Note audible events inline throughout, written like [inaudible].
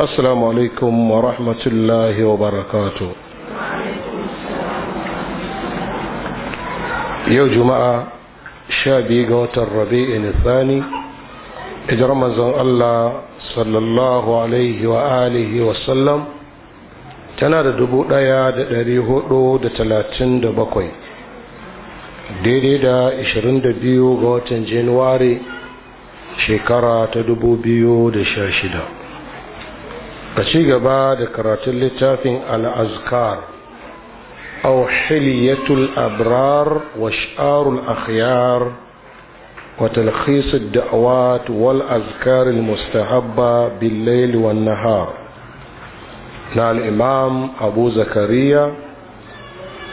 السلام عليكم ورحمة الله وبركاته يوم جماعة شابي قوت الربيع الثاني اجرم الله صلى الله عليه وآله وسلم tana da dubu ɗaya da ɗari hudu da talatin da bakwai daidai da ashirin da biyu ga watan januwari shekara ta dubu biyu da sha shida ka ci gaba da karatun littafin al'azkar au hiliyatul abrar wa sha'arul akhyar wa talkhisud da'awat wal azkar mustahabba billaili layl wan nahar na al-imam abu zakariya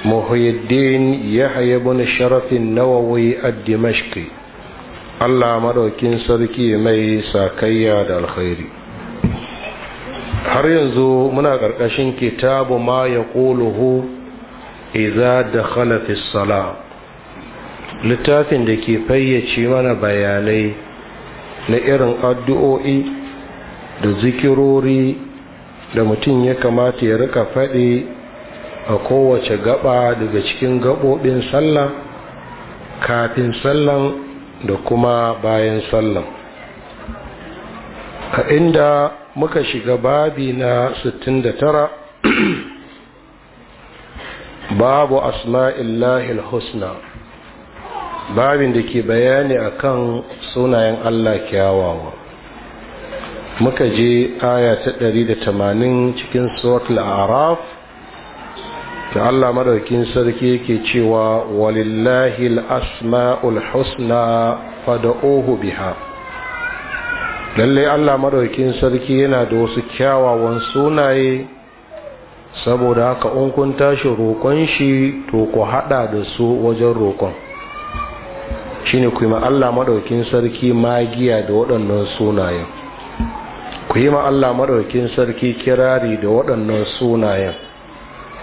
muhyiddin yahya ibn sharaf an-nawawi ad Allah maɗaukin sarki mai sakayya da alkhairi har yanzu muna ƙarƙashin kitabu ma ya ƙoluhu iza da khalafis sala littafin da ke fayyace mana bayanai na irin addu'o'i da zikirori da mutum ya kamata ya rika faɗi a kowace gaba daga cikin gaɓoɓin sallah kafin sallan da kuma bayan sallan a inda muka shiga babi na 69 [clears throat] babu Asma'il al-husna babin da ke bayani akan sunayen Allah kyawawa muka je aya ta 180 cikin suratul a'raf da Allah madaukakin sarki yake cewa walillahi al-asma'ul husna fad'uhu biha lalle Allah madaukin sarki yana da wasu kyawawan sunaye saboda haka in kun tashi roƙon shi to ku hada da su wajen roƙon shine ku yi ma Allah madaukin sarki magiya da waɗannan sunayen ku yi ma Allah madaukin sarki kirari da waɗannan sunayen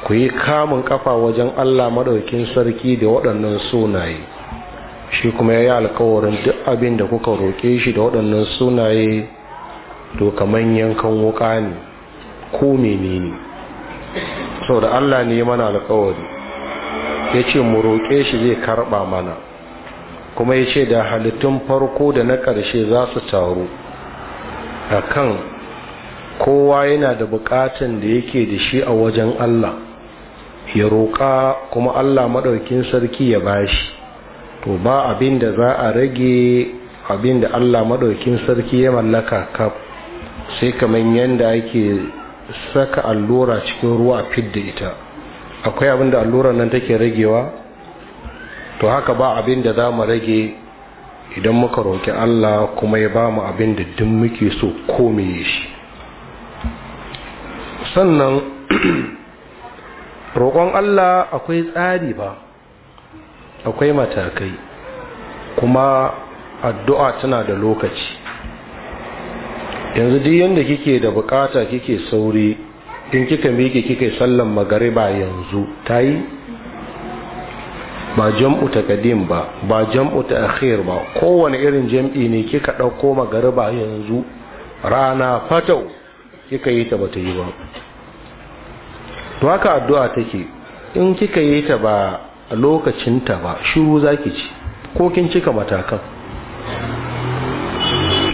ku yi kamun kafa wajen Allah madaukin sarki da waɗannan sunaye shi kuma ya yi alkawarin duk abin da kuka roƙe shi da waɗannan sunaye to kamar yankan wuƙa ne ko menene sau da allah ne mana alkawari ya ce mu roƙe shi zai karɓa mana kuma ya ce da halittun farko da na ƙarshe za su taru a kan kowa yana da buƙatan da yake da shi a wajen allah ya roƙa kuma allah maɗaukin sarki ya bashi to ba abin da za a rage abin da allah maɗaukin sarki ya mallaka kaf sai kamar yadda ake saka allura cikin ruwa a fidda ita akwai abin da allurar nan take ragewa to haka ba abin da za mu rage idan muka roƙi allah kuma ya ba mu abin da duk muke so kome shi sannan [clears throat] roƙon allah akwai tsari ba akwai matakai kuma addu'a tana da lokaci yanzu duk yadda kike da bukata kike sauri in kika miƙe kike sallan magariba yanzu ta ba jam'u ta kadim ba ba jam'u ta akhir ba kowane irin jam'i ne kika ɗauko magariba yanzu rana fatau kika yi ta bata yi ba to haka addu'a take in kika yi ta ba a ta ba shiru zaki ci ko kin cika matakan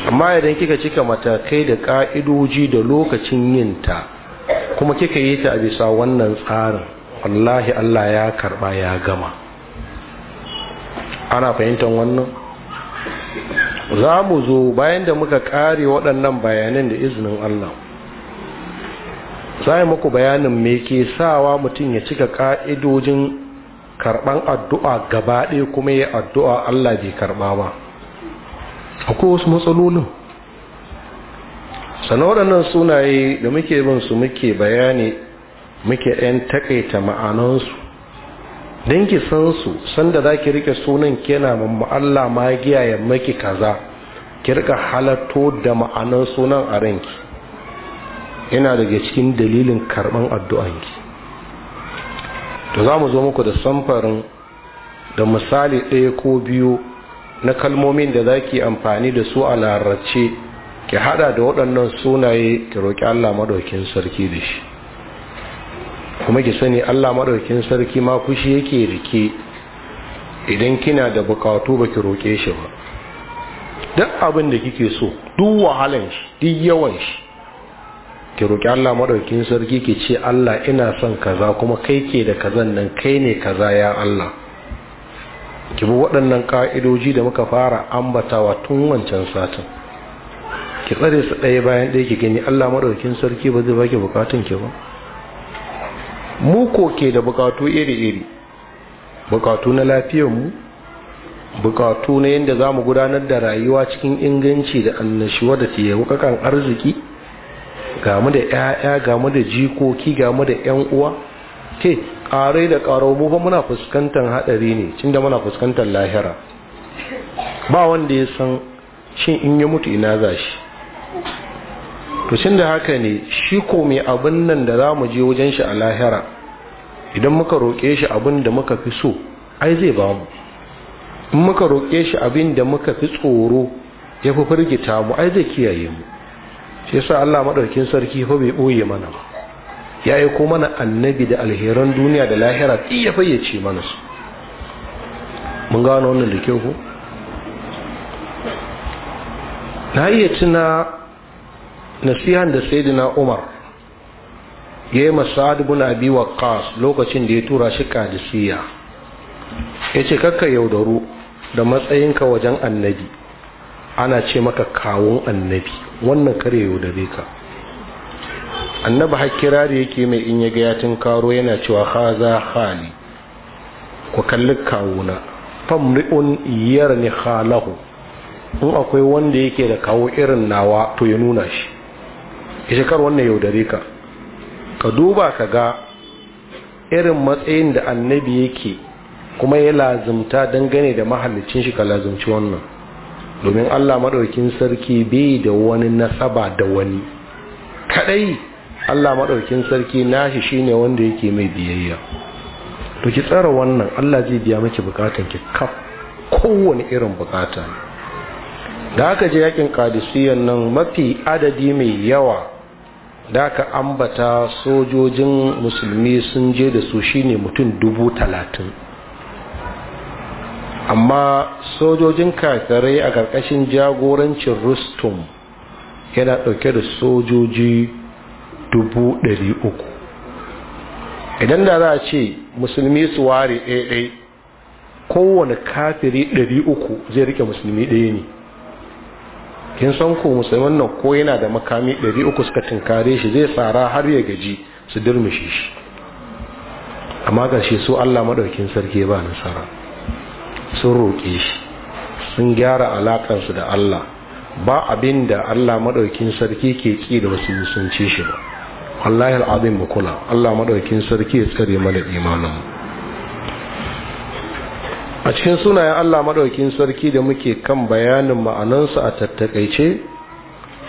amma idan kika cika matakai da ka'idoji da lokacin yinta kuma kika yi ta bisa wannan tsarin wallahi Allah ya karba ya gama ana fahimtar wannan za mu zo bayan da muka kare waɗannan bayanan da izinin Allah za yi muku bayanin me ke sawa mutum ya cika ka'idojin karban addu'a gaba ɗaya kuma ya addu'a Allah bai karɓa ba akwai wasu matsalolin sannan waɗannan sunaye da muke bin su muke bayani muke ɗan taƙaita ma'anansu don ki san su sanda za ki rike sunan kena mamma Allah ma giya ya maki kaza ki rika halatto da ma'anan sunan a ranki yana daga cikin dalilin karɓan addu'anki to za mu zo muku da samfarin da misali ɗaya ko biyu na kalmomin da za ki amfani da su a larace ki hada da waɗannan sunaye ki roƙi allah maɗaukin sarki da shi kuma ki sani allah maɗaukin sarki ma kushi yake rike idan kina da bukatu ba ki roƙe shi ba duk abin da kike so duk wahalan shi duk yawan shi ki roki Allah maɗaukin sarki ki ce Allah ina son kaza kuma kai ke da kazan nan kai ne kaza ya Allah ki bi waɗannan ƙa'idoji da muka fara ambatawa tun wancan satin ki tsare su ɗaya bayan ɗaya ki gani Allah maɗaukin sarki ba zai baki bukatun ki ba mu ko ke da bukatu iri-iri bukatu na lafiyar mu bukatu na yadda za mu gudanar da rayuwa cikin inganci da annashuwa da taiwakakan arziki ga mu da ƴaƴa ga mu da jikoki ga mu da ƴan uwa ke ƙarai da ƙaro mu ba muna fuskantar haɗari ne da muna fuskantar lahira ba wanda ya san shin in yi mutu ina za shi to cin da haka ne shi ko mai abin nan da za mu je wajen shi a lahira idan muka roƙe shi abin da muka fi so ai zai ba mu in muka roƙe shi abin da muka fi tsoro ya fi firgita mu ai zai kiyaye mu shi yasa Allah maɗaukin sarki ko bai boye mana ba ya yi ko mana annabi da alheran duniya da lahira ya fayyace mana su mun gano wannan da kyau ko na iya tuna nasihan da sayyidina Umar ya yi masa'ad bin abi waqqas lokacin da ya tura shi kadisiya yace kakka yaudaru da matsayinka wajen annabi ana ce maka kawun annabi wannan kare yaudare ka annabi hakkira da yake mai in ya ga tun karo yana cewa haza hali ku kalli kawuna famri'un ni halahu in akwai wanda yake da kawo irin nawa to ya nuna shi ya shekar wannan yaudare ka ka duba ka ga irin matsayin da annabi yake kuma ya lazumta dangane da mahallicin shi ka lazumci wannan domin Allah maɗaukin sarki bai da wani nasaba da wani kadai Allah maɗaukin sarki nashi shine wanda yake mai biyayya to ki tsara wannan Allah zai biya miki bukatun ki kaf kowane irin bukata da aka je yakin kadisiyan nan mafi adadi mai yawa da aka ambata sojojin musulmi sun je da su shine mutum dubu talatin amma sojojin kakare a ƙarƙashin jagorancin rustum yana ɗauke da sojoji dubu idan da za a ce musulmi su ware ɗaiɗai kowane kafiri ɗari zai rike musulmi ɗaya ne kin san ko musulman nan ko yana da makami ɗari uku suka tunkare shi zai tsara har ya gaji su durmushe shi amma ga shi su allah maɗaukin sarki ba nasara sun roƙe shi sun gyara alaƙarsu da Allah ba abin da Allah maɗaukin sarki ke ƙi da wasu sun ci shi ba wallahi al'azim mu kula Allah maɗaukin sarki ya tsare mana imanin a cikin sunayen Allah maɗaukin sarki da muke kan bayanin ma'anansu a tattakaice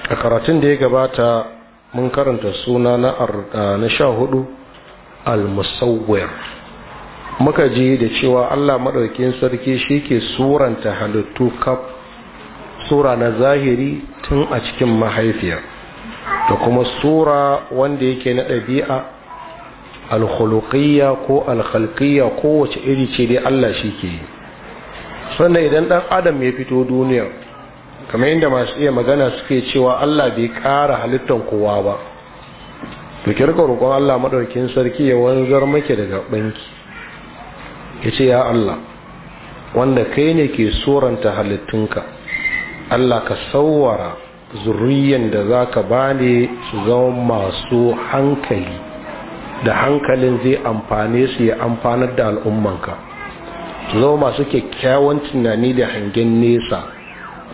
a karatun da ya gabata mun karanta suna na sha hudu al-musawwir muka ji da cewa Allah maɗaukin sarki shi ke suranta halittu kaf sura na zahiri tun a cikin mahaifiyar, da kuma sura wanda yake na ɗabi'a alkhuluqiyya ko ko kowace iri ce dai Allah shi ke yi sannan idan ɗan adam ya fito duniya kamar yadda masu iya magana suke cewa Allah bai ƙara halittar kowa ba to kirkar roƙon Allah maɗaukin sarki ya wanzar muke daga banki ya ce ya Allah wanda kai ne ke soranta halittunka Allah ka sauwara zurriyan da za ka bani su zama masu hankali da hankalin zai amfane su ya amfanar da al'ummanka su zama masu kyakkyawan tunani da hangen nesa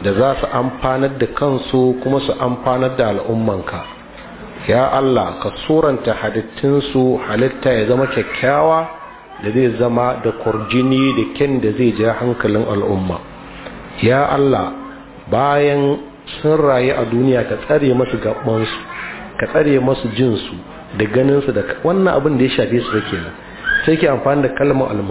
da za su amfanar da kansu kuma su amfanar da al'ummanka ya Allah ka soranta halittunsu halitta ya zama kyakkyawa da zai zama da kurjini da kyan da zai ja hankalin al'umma ya Allah bayan sun rayu a duniya ka tsare masu gabansu ka tsare masu jinsu da ganinsu da wannan abin da ya shafe su da nan sai ke amfani da kalmar al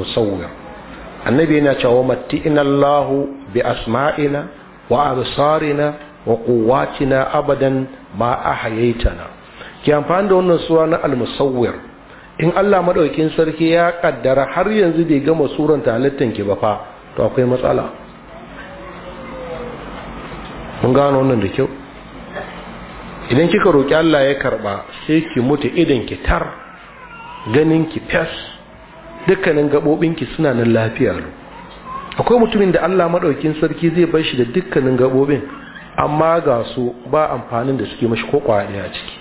annabi yana cewa matti'ina Allah bi asma'ina wa absarina wa quwwatina abadan ma na ke amfani da wannan suwa na al in Allah maɗaukin sarki ya ƙaddara har yanzu bai gama suranta halittan ki ba fa to akwai matsala mun gano wannan da kyau idan kika roƙi Allah ya karɓa sai ki mutu idan ki tar ganin ki fes dukkanin gaɓoɓin ki suna nan lafiya akwai mutumin da Allah maɗaukin sarki zai bar shi da dukkanin gabobin amma ga su ba amfanin da suke mashi ko ƙwaya a ciki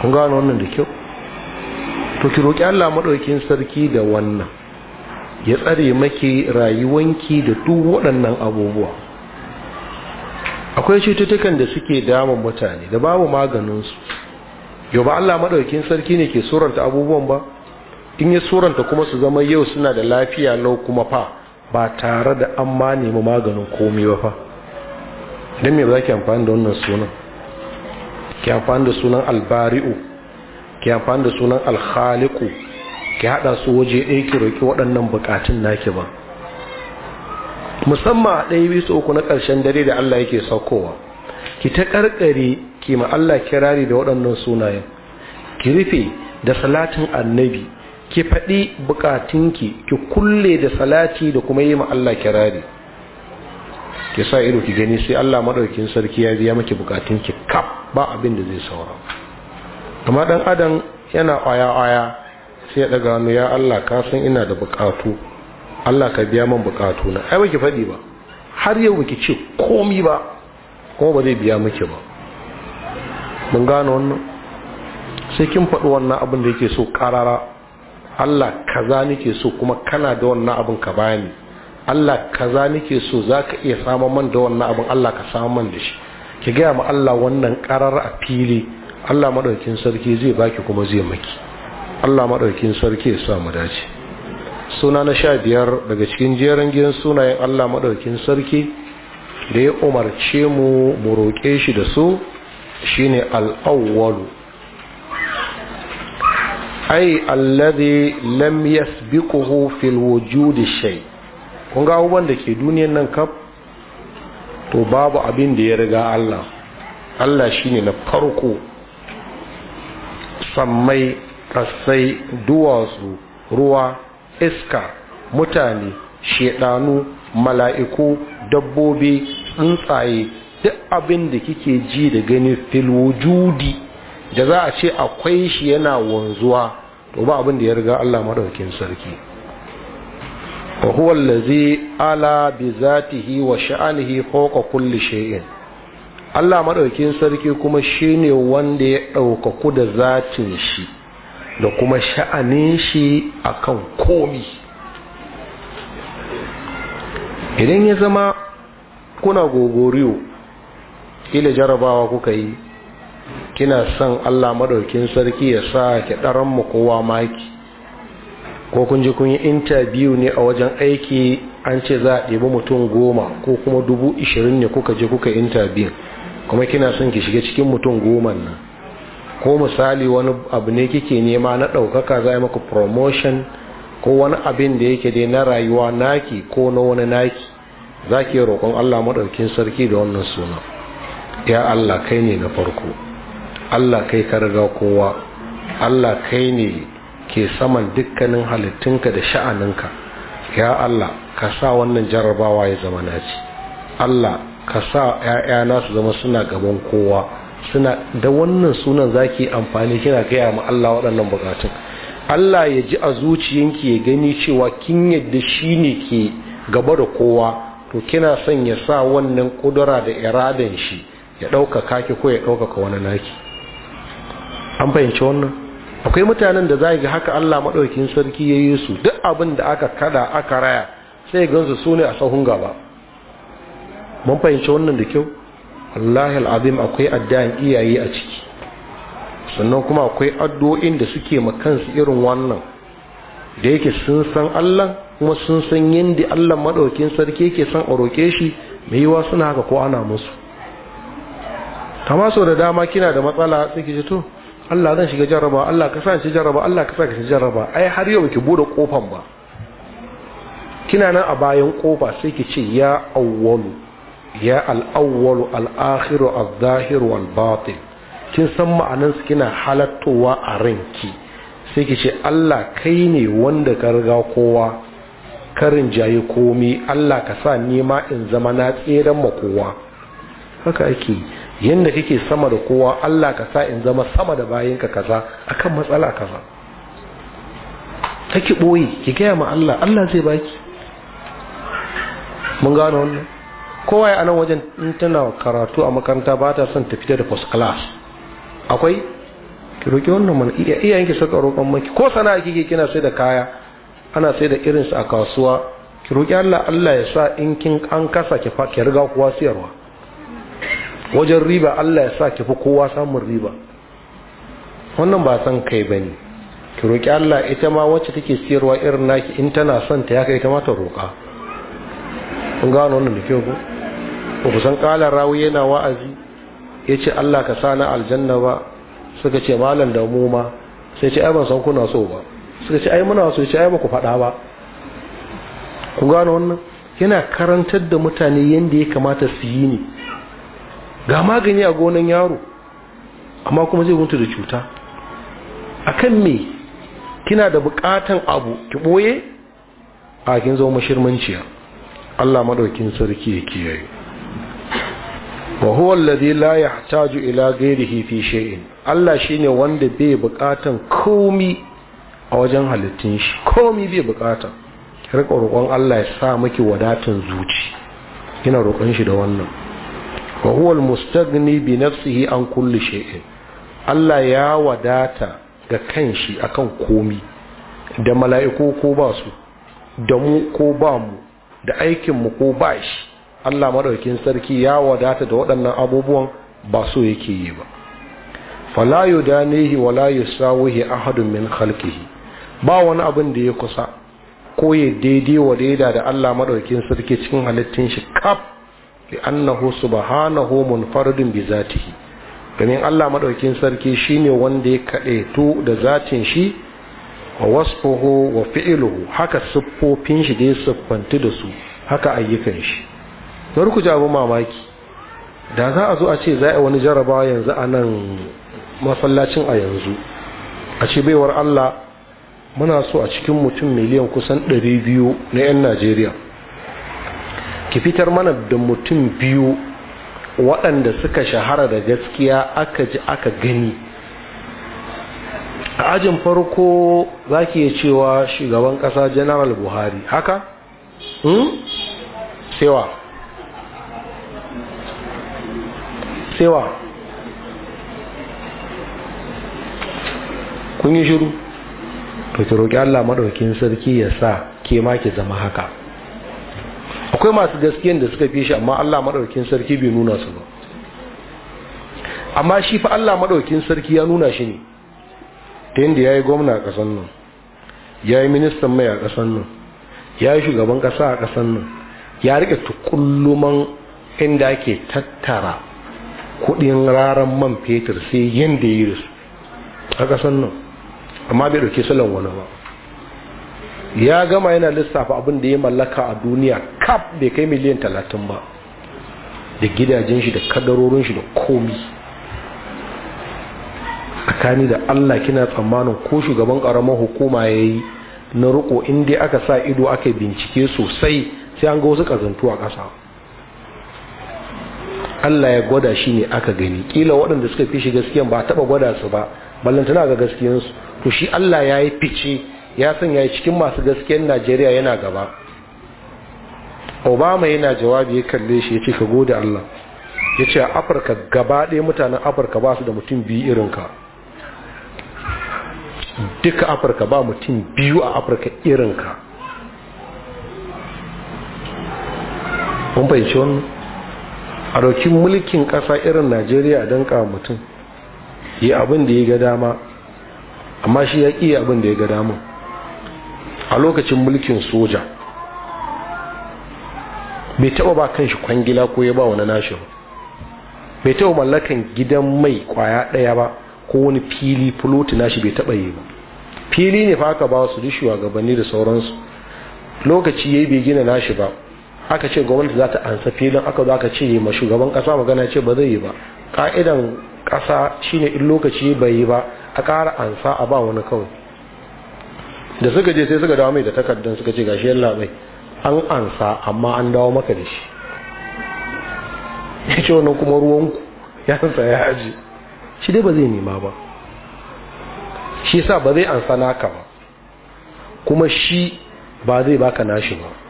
kun gano wannan da kyau to ki roki Allah maɗaukin sarki da wannan ya tsare maki rayuwanki da duk waɗannan abubuwa akwai cututtukan da suke damun mutane da babu maganinsu yau ba Allah maɗaukin sarki ne ke suranta abubuwan ba in ya suranta kuma su zama yau suna da lafiya lau kuma fa ba tare da an ma nemi maganin komai ba fa don me ba za ki amfani da wannan sunan ki amfani da sunan albari'u ki amfani da sunan alhaliku ki hada su waje ɗaya ki roƙi waɗannan bukatun naki ba musamman a ɗaya bisu uku na ƙarshen dare da Allah yake saukowa ki ta karkare ki ma Allah kirari da waɗannan sunayen ki rufe da salatin annabi ki faɗi bukatunki ki kulle da salati da kuma yi ma Allah kirari ki sa ido ki gani sai Allah maɗaukin sarki ya biya maki bukatunki kaf ba abin da zai saura amma dan adam yana ƙwaya ƙwaya sai ya daga hannu ya Allah ka san ina da bukatu Allah ka biya min bukatu na ai baki faɗi ba har yau baki ce komi ba ko ba zai biya miki ba mun gano wannan sai kin faɗi wannan abin da yake so karara Allah kaza nake so kuma kana da wannan abin ka bani Allah kaza nake so zaka iya samun man da wannan abin Allah ka samu man da shi ki gaya ma Allah wannan karara a fili Allah madaukin sarki zai baki kuma zai maki Allah madaukin sarki ya sa mu dace suna na sha biyar daga cikin jerin gidan sunayen Allah madaukin sarki da ya umarce mu mu roƙe shi da su shine al-awwalu ai alladhi lam yasbiquhu fil wujudi shay kun ga uban da ke duniyan nan kaf to babu abin da ya riga Allah Allah shine na farko sammai ƙasai duwatsu ruwa iska mutane shedanu mala'iku dabbobi tsuntsaye duk abin da kike ji da gani filwujudi da za a ce akwai shi yana wanzuwa to ba abin da ya riga Allah madaukakin sarki wa huwa allazi ala bi zatihi wa sha'anihi fawqa kulli shay'in Allah maɗaukin sarki kuma shi ne wanda ya ɗaukaku da zatin shi da kuma sha'anin shi akan komi idan ya zama kuna gogoriyo ila jarabawa kuka yi kina son Allah maɗaukin sarki ya sa ki ɗaran mu kowa maki ko kun ji kun yi intabiyu ne a wajen aiki an ce za a ɗebi mutum goma ko kuma dubu ishirin ne kuka je kuka intabiyu kuma kina son ki shiga cikin mutum goma nan ko misali wani abu ne kike nema na ɗaukaka za a yi maka promotion ko wani abin da yake dai na rayuwa naki ko na wani naki za ki yi roƙon allah maɗaukin sarki da wannan suna ya allah kai ne na farko allah kai ka riga kowa allah kai ne ke saman dukkanin halittunka da sha'aninka ya allah ka sa wannan jarrabawa ya zama naci allah ka sa ‘ya'yana su zama suna gaban kowa suna da wannan sunan za zaki amfani kina gaya ma Allah waɗannan bukatun Allah ya ji a zuciyanki ya gani cewa kin yadda shi ne ke gaba da kowa to kina son ya sa wannan kudura da iradan shi ya ɗaukaka ki ko ya ɗaukaka wani naki an fahimci wannan akwai mutanen da za ga haka Allah maɗaukin sarki ya yi su duk abin da aka kada aka raya sai gansu su ne a sahun gaba mun fahimci wannan da kyau wallahi al'azim akwai addu'an iyaye a ciki sannan kuma akwai addu'o'in da suke ma kansu irin wannan da yake sun san Allah kuma sun san yadda Allah maɗaukin sarki yake son a roƙe shi mai yiwa suna haka ko ana musu kama sau da dama kina da matsala sai ki to Allah zan shiga jarraba Allah ka sa shi jarraba Allah ka sa ka shi jarraba ai har yau ki bude kofan ba kina nan a bayan kofa sai ki ce ya awwalu ya al'awwalu al'akhiru al-zahiru wal-batin kin san ma'anan su kina halattowa a ranki sai ki ce Allah kai ne wanda ka riga kowa karin jaye komi Allah ka sa nema in zama na tseren ma kowa haka ake yanda kake sama da kowa Allah ka sa in zama sama da bayinka kaza akan matsala kaza take boye ki gaya ma Allah Allah zai baki mun gano wannan kowa a nan wajen in tana karatu a makaranta ba ta son ta fita da first class akwai ki roki wannan mana iya yanke saka roƙon maki ko sana'a kike kina sai da kaya ana sai da irin su a kasuwa ki roki Allah Allah ya sa in kin an kasa ki ki riga kowa siyarwa wajen riba Allah ya sa ki fi kowa samun riba wannan ba san kai bane ki roki Allah ita ma wacce take siyarwa irin naki in tana son ta ya kai ta ma ta roka kun gano wannan da kyau ko ba kala san yana wa'azi ya ce Allah ka sa na aljanna ba suka ce malam da mu ma sai ce ai ban san kuna so ba suka ce ai muna so ce ai ba ku faɗa ba ku gano wannan yana karantar da mutane yanda ya kamata su yi ne ga magani a gonan yaro amma kuma zai mutu da cuta akan me kina da bukatan abu ki boye a kin zo mashirmanciya Allah madaukin sarki ya kiyaye wa huwa alladhi la yahtaju ila ghairihi fi shay'in Allah shine wanda bai bukatan komi a wajen halittun shi komi bai bukata rika roƙon Allah ya sa miki wadatan zuci ina roƙon shi da wannan wa huwa almustaghni bi nafsihi an kulli shay'in Allah ya wadata ga kanshi akan komi da mala'iku ko ba su da mu ko ba mu da aikin mu ko ba shi Allah maɗaukin sarki ya wadata da waɗannan abubuwan ba so yake yi ba fala yudanihi wala yusawihi ahadun min khalqihi ba wani abin da ya kusa ko ya daidai wa daida da Allah maɗaukin sarki cikin halittun shi kaf bi annahu subhanahu munfaridun bi zatihi domin Allah maɗaukin sarki shine wanda ya tu da zatin shi wa wasfuhu wa fi'luhu haka siffofin shi da ya siffanti da su haka ayyukan shi bari ku jawo mamaki da za a zo a ce za a wani jaraba yanzu a nan masallacin a yanzu a ce baiwar Allah muna so a cikin mutum miliyan kusan 200 na 'yan Najeriya ki fitar mana da mutum biyu waɗanda suka shahara da gaskiya aka ji aka gani a ajin farko za ki yi cewa shugaban ƙasa general buhari haka? Hmm? sewa sai kun yi shiru to ki roƙi Allah maɗaukin sarki ya sa ke ma ki zama haka akwai masu gaskiyan da suka fi shi amma Allah maɗaukin sarki bai nuna su ba amma shi fa Allah maɗaukin sarki ya nuna shi ne ta yadda ya yi gwamna a ƙasan nan ya yi ministan mai a ƙasan nan ya yi shugaban ƙasa a ƙasan nan ya riƙe tukulluman inda ake tattara kudin raran man fetur sai yanda ya yi a kasan nan amma bai dauke salon wani ba ya gama yana lissafa abin da ya mallaka a duniya kaf bai kai miliyan talatin ba da gidajen shi da kadarorin shi da komi tsakani da allah kina tsammanin ko shugaban karamar hukuma ya yi na riko inda aka sa ido aka bincike sosai sai an ga wasu kazantu a ƙasa Allah ya gwada shi ne aka gani kila waɗanda suka fi shi gaskiyan ba taɓa gwada su ba ballantana ga gaskiyansu to shi Allah ya yi fice ya sanya cikin masu gaskiyan Najeriya yana gaba Obama yana jawabi ya kalle shi ya ce ka gode Allah ya ce a Afirka gaba ɗaya mutanen Afirka ba su da mutum biyu irin ka duka Afirka ba mutum biyu a Afirka irin ka kun fahimci wannan a ɗauki mulkin ƙasa irin najeriya don ƙawa mutum yi abin da ya ga dama amma shi ya ƙi abin da ya ga dama a lokacin mulkin soja bai taɓa ba kan shi kwangila ko ya ba wani nashi ba bai taɓa mallakan gidan mai kwaya ɗaya ba ko wani fili fuloti nashi bai taɓa yi ba fili ne fa aka ba su duk shugabanni da sauransu lokaci ya yi bai gina nashi ba aka ce gwamnati za ta ansa filin aka zo aka ce ma shugaban kasa magana ce ba zai yi ba ka'idan kasa shine in lokaci bai yi ba a ƙara ansa a ba wani kawai da suka je sai suka dawo mai da takardun suka ce gashi yalla bai an ansa amma an dawo maka da shi ya ce wannan kuma ruwanku ya ansa ya haji shi dai ba zai nema ba shi sa ba zai ansa naka ba kuma shi ba zai baka nashi ba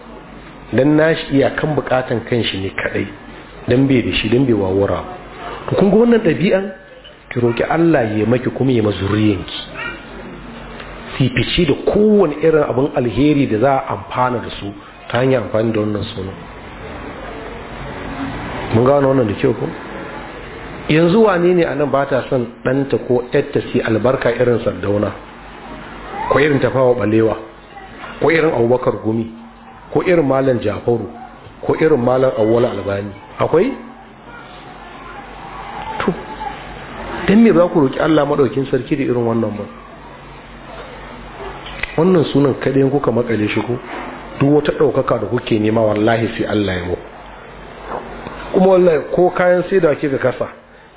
dan nashi iyakan bukatan kanshi ne kadai dan bai da shi dan bai wawura ku kun ga wannan ɗabi'an ki roki Allah ya maki kuma ya mazuriyanki fifici da kowane irin abin alheri da za a amfana da su ta hanyar amfani da wannan sunan mun gano wannan da kyau ko yanzu wane ne anan ba ta son ɗanta ko ƴatta si albarka irin sardauna ko irin tafawa balewa ko irin abubakar gumi ko irin malam jafaru ko irin malam awwal albani akwai to dan me ba ku roki Allah madaukin sarki da irin wannan ba wannan sunan kadai kuka makale shi ko duk wata daukaka da kuke nema wallahi sai Allah ya mu kuma wallahi ko kayan sai da kike kasa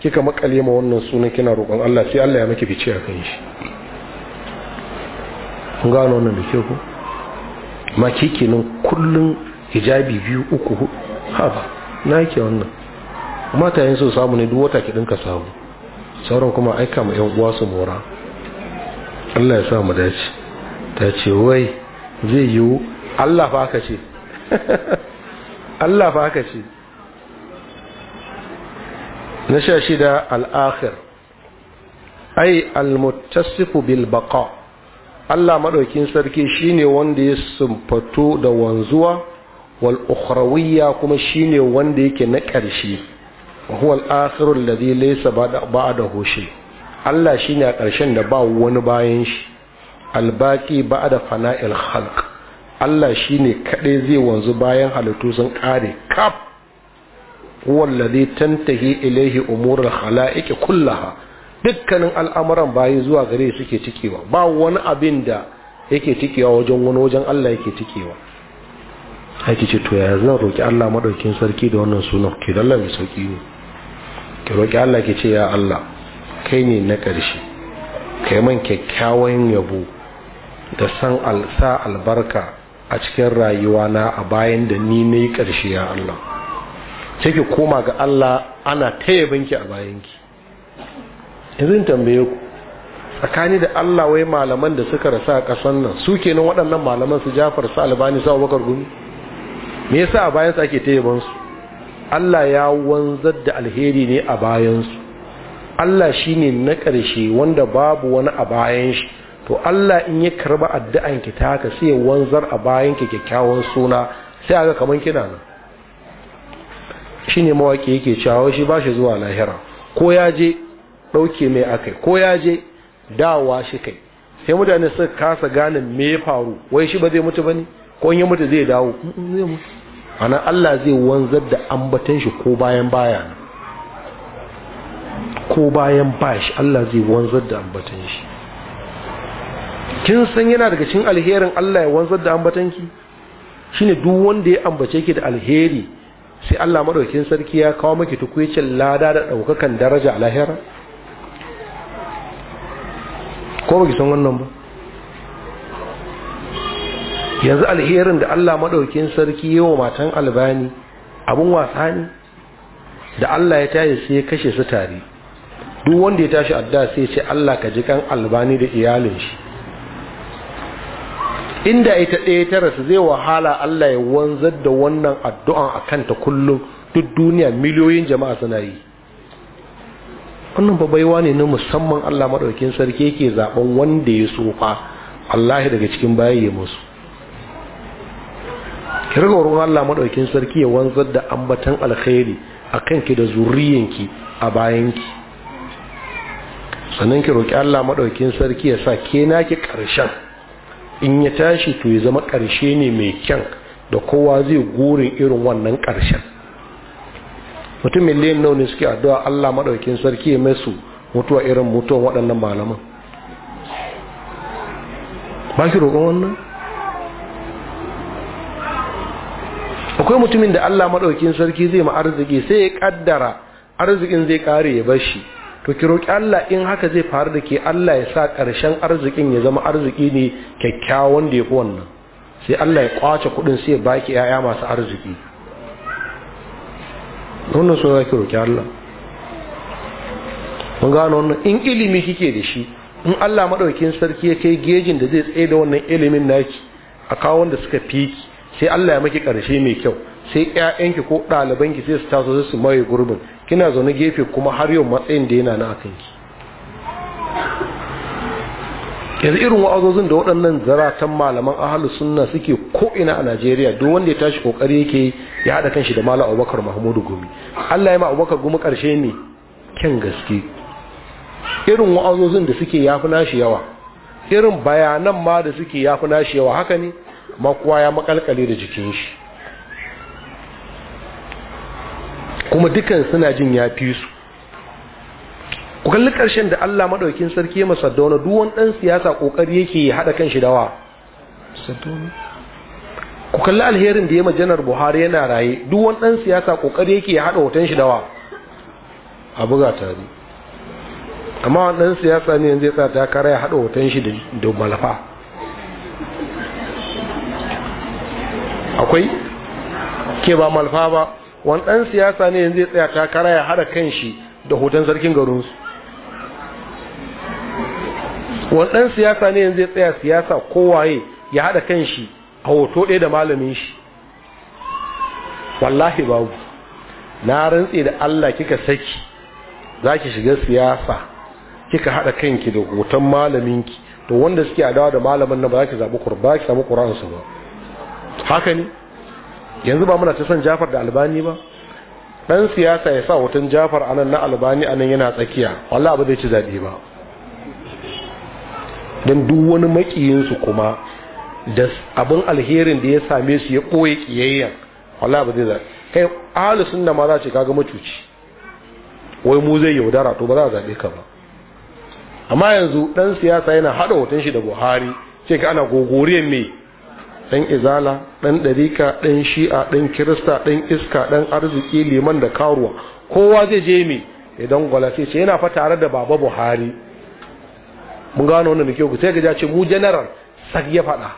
kika makale ma wannan sunan kina roƙon Allah sai Allah ya miki fice a kan shi kun gano wannan da ke ku ma nan kullum hijabi biyu uku hudu haba na yake wannan mata yin sun samu ne duk wata ki dinka samu sauran kuma aika ma yan uwa su mora Allah ya sa mu dace ta ce wai zai yiwu Allah fa aka ce [laughs] Allah fa aka ce na sha shida al-akhir ai al-muttasifu bil baqa Allah maɗaukin sarki shine wanda ya sumfato da wanzuwa wal ukhrawiyya kuma shine wanda yake na ƙarshe huwa al-akhiru alladhi laysa ba'da hushi Allah shine a ƙarshen da ba wani bayan shi al-baqi ba'da fana'il khalq Allah shine kadai zai wanzu bayan halittu sun kare kaf huwa alladhi tantahi ilayhi umurul khalaiqi kullaha dukkanin al'amuran bayi zuwa gare suke cikewa ba wani abin da yake cikewa wajen wani wajen Allah yake cikewa aiki ce to yaya zan roƙi Allah maɗaukin sarki da wannan suna, ke da Allah mai sauƙi ne ki roƙi Allah ki ce ya Allah kai ne na ƙarshe kai man kyakkyawan yabo da san alsa albarka a cikin rayuwa na a bayan da ni na yi ƙarshe ya Allah sai ki koma ga Allah ana taya banki a bayanki yanzu tambaye ku tsakani da Allah wai malaman da suka rasa a kasar nan su nan waɗannan malaman su Jafar su Albani su Abubakar Gumi me yasa a bayansu ake ta su Allah ya wanzar da alheri ne a bayansu Allah shi ne na ƙarshe wanda babu wani a bayan shi to Allah in ya karba addu'an ki ta haka sai wanzar a bayan ki kyakkyawan suna sai aga kamar kina nan ne mawaki yake cewa shi ba shi zuwa lahira ko ya je ɗauke mai akai ko ya je dawowa shi kai sai mutane suka kasa gane me ya faru wai shi ba zai mutu bane ko in ya mutu zai dawo mm, mm, zai mutu ana Allah zai wanzar da ambatan shi ko bayan baya ko bayan bashi Allah zai wanzar da ambatan shi kin san yana daga cikin alherin Allah ya wanzar da ambatan ki shine duk wanda ya ambace ki da alheri sai Allah madaukakin sarki ya kawo miki tukwacin lada da daukakan daraja a lahira ko ba san wannan ba yanzu alherin da Allah maɗaukin sarki yi wa matan albani abin wasa ne da Allah ya tashi sai ya kashe su tare duk wanda ya tashi adda sai ce Allah ka ji kan albani da iyalin shi inda ita ɗaya ta rasu zai wahala Allah ya wanzar da wannan addu'an a kanta kullum duk duniya miliyoyin jama'a suna yi wannan babaiwa ne na musamman Allah madaukakin sarki yake zaben wanda ya so fa wallahi daga cikin baya ya musu kirgorun Allah madaukakin sarki ya wanzar da ambatan alkhairi akan ki da zuriyanki a bayanki sannan ki roki Allah madaukakin sarki ya sa ke naki karshen in ya tashi to ya zama karshe ne mai kyan da kowa zai gurin irin wannan karshen mutum miliyan nawa ne suke addu'a Allah maɗaukin sarki ya su mutuwa irin mutuwan waɗannan malaman ba shi roƙon wannan akwai mutumin da Allah maɗaukin sarki zai ma arziki sai ya ƙaddara arzikin zai kare ya bar shi to ki roƙi Allah in haka zai faru da ke Allah ya sa ƙarshen arzikin ya zama arziki ne kyakkyawan da ya fi wannan sai Allah ya kwace kuɗin sai ya baki 'ya'ya masu arziki wannan so ya ki roƙi Allah mun gano wannan in ilimi kike da shi in Allah maɗaukin sarki ya kai gejin da zai tsaye da wannan ilimin naki a kawo wanda suka fi ki sai Allah ya maki ƙarshe mai kyau sai ƴaƴanki ko ɗalibanki sai su taso su maye gurbin kina zaune gefe kuma har yau matsayin da yana na akanki yanzu irin wa'azozin da waɗannan zaratan malaman ahalus sunna suke ko'ina a najeriya duk wanda ya tashi kokari yake ya haɗa kanshi da malam abubakar mahmudu gumi allah ya ma abubakar gumi ƙarshe ne kyan gaske irin wa'azozin da suke yafi nashi yawa irin bayanan ma da suke yafi nashi yawa haka ne makuwa ya makalkale da jikin shi kuma dukan suna jin ya fi su ku kalli ƙarshen da Allah maɗaukin sarki ma Saddauna duk wani ɗan siyasa ƙoƙari yake haɗa kan shi dawa Saddauna ku kalli alherin da ya ma janar Buhari yana raye duk wani ɗan siyasa ƙoƙari yake haɗa hoton shi dawa a buga tare amma wani ɗan siyasa ne yanzu ya sa takara ya haɗa hoton shi da malafa akwai ke ba malafa ba wani ɗan siyasa ne yanzu ya tsaya takara ya haɗa kan shi da hoton sarkin garinsu wannan siyasa ne yanzu ya tsaya siyasa kowaye ya haɗa kan shi a hoto ɗaya da malamin shi wallahi babu na rantse da Allah kika saki za ki shiga siyasa kika haɗa kanki da hoton malaminki to wanda suke adawa da malamin nan ba za ki zaɓi ba ki samu ƙuransu ba haka ne yanzu ba muna ta son jafar da albani ba ɗan siyasa ya sa hoton jafar anan na albani anan yana tsakiya wallah ba zai ci zaɓe ba don duk wani makiyinsu kuma da abin alherin da ya same su ya ɓoye ƙiyayyen wallahi ba zai zai kai ahli sunna ma za ce kaga macuci wai mu zai yaudara to ba za a zaɓe ka ba amma yanzu ɗan siyasa yana haɗa hoton shi da buhari ce ka ana gogoriyar me ɗan izala ɗan ɗarika ɗan shi'a ɗan kirista ɗan iska ɗan arziki liman da karuwa kowa zai je me idan gwala ce yana fa tare da baba buhari mun gano wannan da kyau ku sai ga ce mu general sak ya faɗa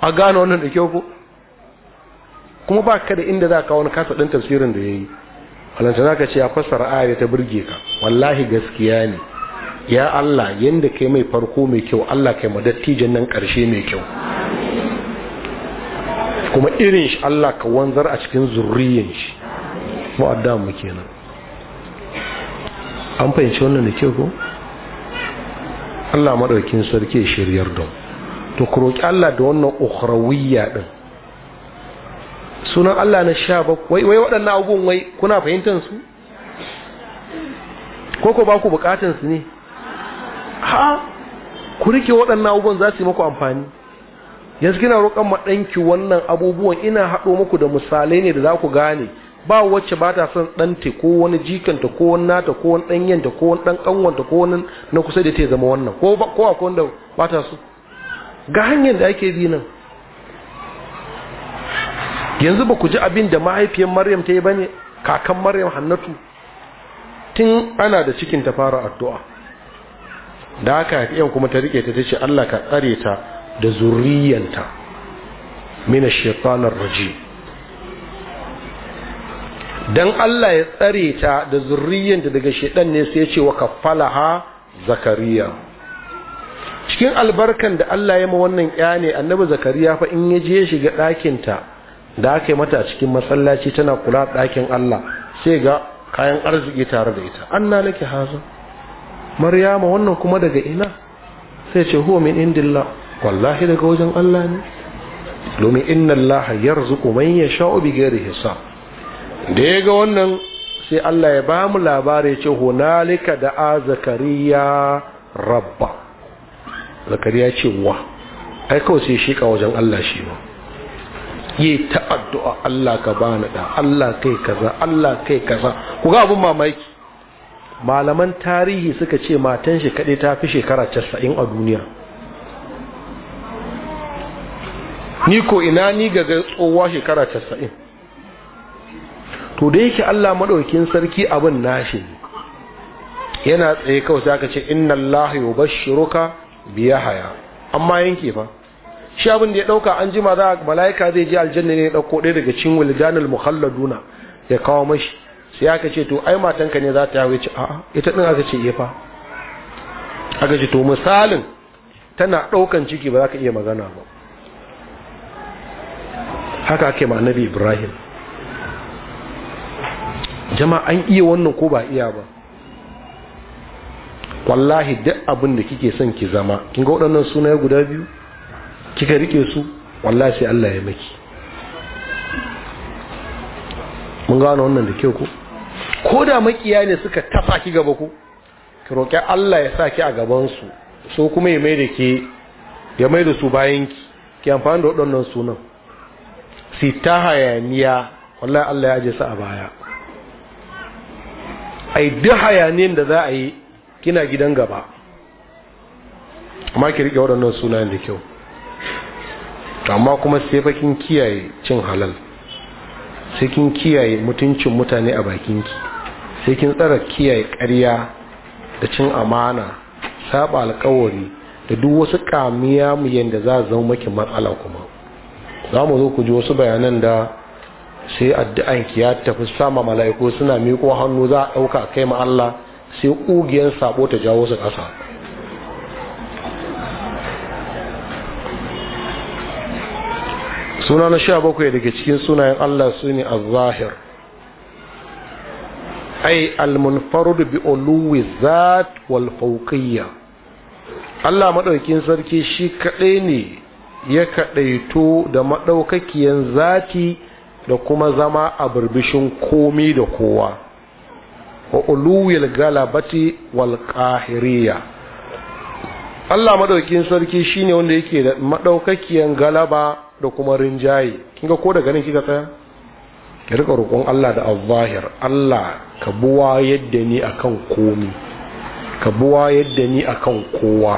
a gano wannan da kyau ku kuma ba ka da inda za ka wani kasa ɗin tafsirin da ya yi halanta za ka ce ya fassara aya ta burge ka wallahi gaskiya ne ya Allah yadda kai mai farko mai kyau Allah kai ma dattijan nan ƙarshe mai kyau kuma irin shi Allah ka wanzar a cikin zurriyin shi mu'adda mu kenan an fahimci wannan da kyau ko Allah madaukin sarki shiryar don to ku roki Allah da wannan ukhrawiyya din sunan Allah na sha bakwai wai waɗannan abubuwan wai kuna fahimtar su ko ko ba ku bukatun su ne ha ku rike waɗannan abubuwan za su yi muku amfani yanzu kina roƙon ma danki wannan abubuwan ina haɗo muku da misalai ne da za ku gane ba wacce ba ta son ɗanta ko wani jikanta ko wani nata ko wani ɗanyenta ko wani ɗan ƙanwanta ko wani na kusa da ta zama wannan ko akwai wanda ba ta so ga hanyar da ake bi nan yanzu ba ku ji abin da mahaifiyar maryam ta yi ba ne kakan maryam hannatu tun ana da cikin ta fara addu'a da haifi yan kuma ta rike ta tace allah ka tsare ta da zuriyanta mina shaitanar rajim dan Allah ya tsare ta da zurriyanta daga shedan ne sai ya ce wa kafalaha zakariya cikin albarkan da Allah ya ma wannan ƴa ne annabi zakariya fa in ya je shiga ɗakin ta da aka yi mata cikin masallaci tana kula da ɗakin Allah sai ga kayan arziki tare da ita anna laki haza maryama wannan kuma daga ina sai ce huwa min indillah wallahi daga wajen Allah ne domin inna Allah yarzuqu man yasha'u bighairi hisab da ya ga wannan sai Allah ya ba mu labari ce hunalika da a zakariya rabba zakariya ce wa ai kawai sai shi wajen Allah shi ba yi ta addu'a Allah ka bani da Allah kai kaza Allah kai kaza ku ga abun mamaki malaman tarihi suka ce matan shi kaɗai ta fi shekara 90 a duniya ni ko ina ni ga tsohuwa shekara 90 to da yake Allah madaukin sarki abin nashi yana tsaye kawai sai aka ce inna Allah yubashshiruka bi yahya amma yanke fa shi abin da ya dauka an jima za malaika zai je aljanna ne ya dauko ɗaya daga cikin wiljanul mukhalladuna ya kawo mashi sai aka ce to ai matanka ne za ta yawo ce a'a ita din aka ce eh fa aka ce to misalin tana daukan ciki ba za ka iya magana ba haka ake ma annabi Ibrahim jama'a an iya wannan ko ba iya ba wallahi duk abin da kike son ki zama kin ga waɗannan sunaye guda biyu kika rike su wallahi sai Allah ya maki mun gano wannan da kyau ko ko da makiya ne suka tafa ki gaba ko ki roƙi Allah ya sa ki a gaban su so kuma ya maida ke ya maida su bayan ki ki amfani da waɗannan sunan si ta hayaniya wallahi Allah ya aje su a baya ai duk hayaniyar da za a yi kina gidan gaba amma ki rike waɗannan sunayen da kyau amma kuma sai fa kin kiyaye cin halal sai kin kiyaye mutuncin mutane a bakinki sai kin tsara kiyaye ƙarya da cin amana saba alkawari da duk wasu kamiya mu yanda za zama maki matsala kuma za mu zo ku ji wasu bayanan da sai addu'an ki ya tafi sama mala'iku suna miko hannu za a ɗauka kai ma Allah sai ƙugiyar sabo ta jawo su ƙasa suna na sha bakwai daga cikin sunayen Allah su ne al-zahir ai al-munfarud bi uluwi zat wal fawqiyya Allah maɗaukin sarki shi kadai ne ya kadaito da madaukakiyan zati da kuma zama a birbishin komi da kowa wa uluwil galabati wal qahiriya Allah madaukakin sarki shine wanda yake da madaukakiyan galaba da kuma rinjaye kinga ko daga nan kika tsaya ki rika roƙon Allah da al-zahir Allah ka buwa yadda ni akan komi ka buwa yadda ni akan kowa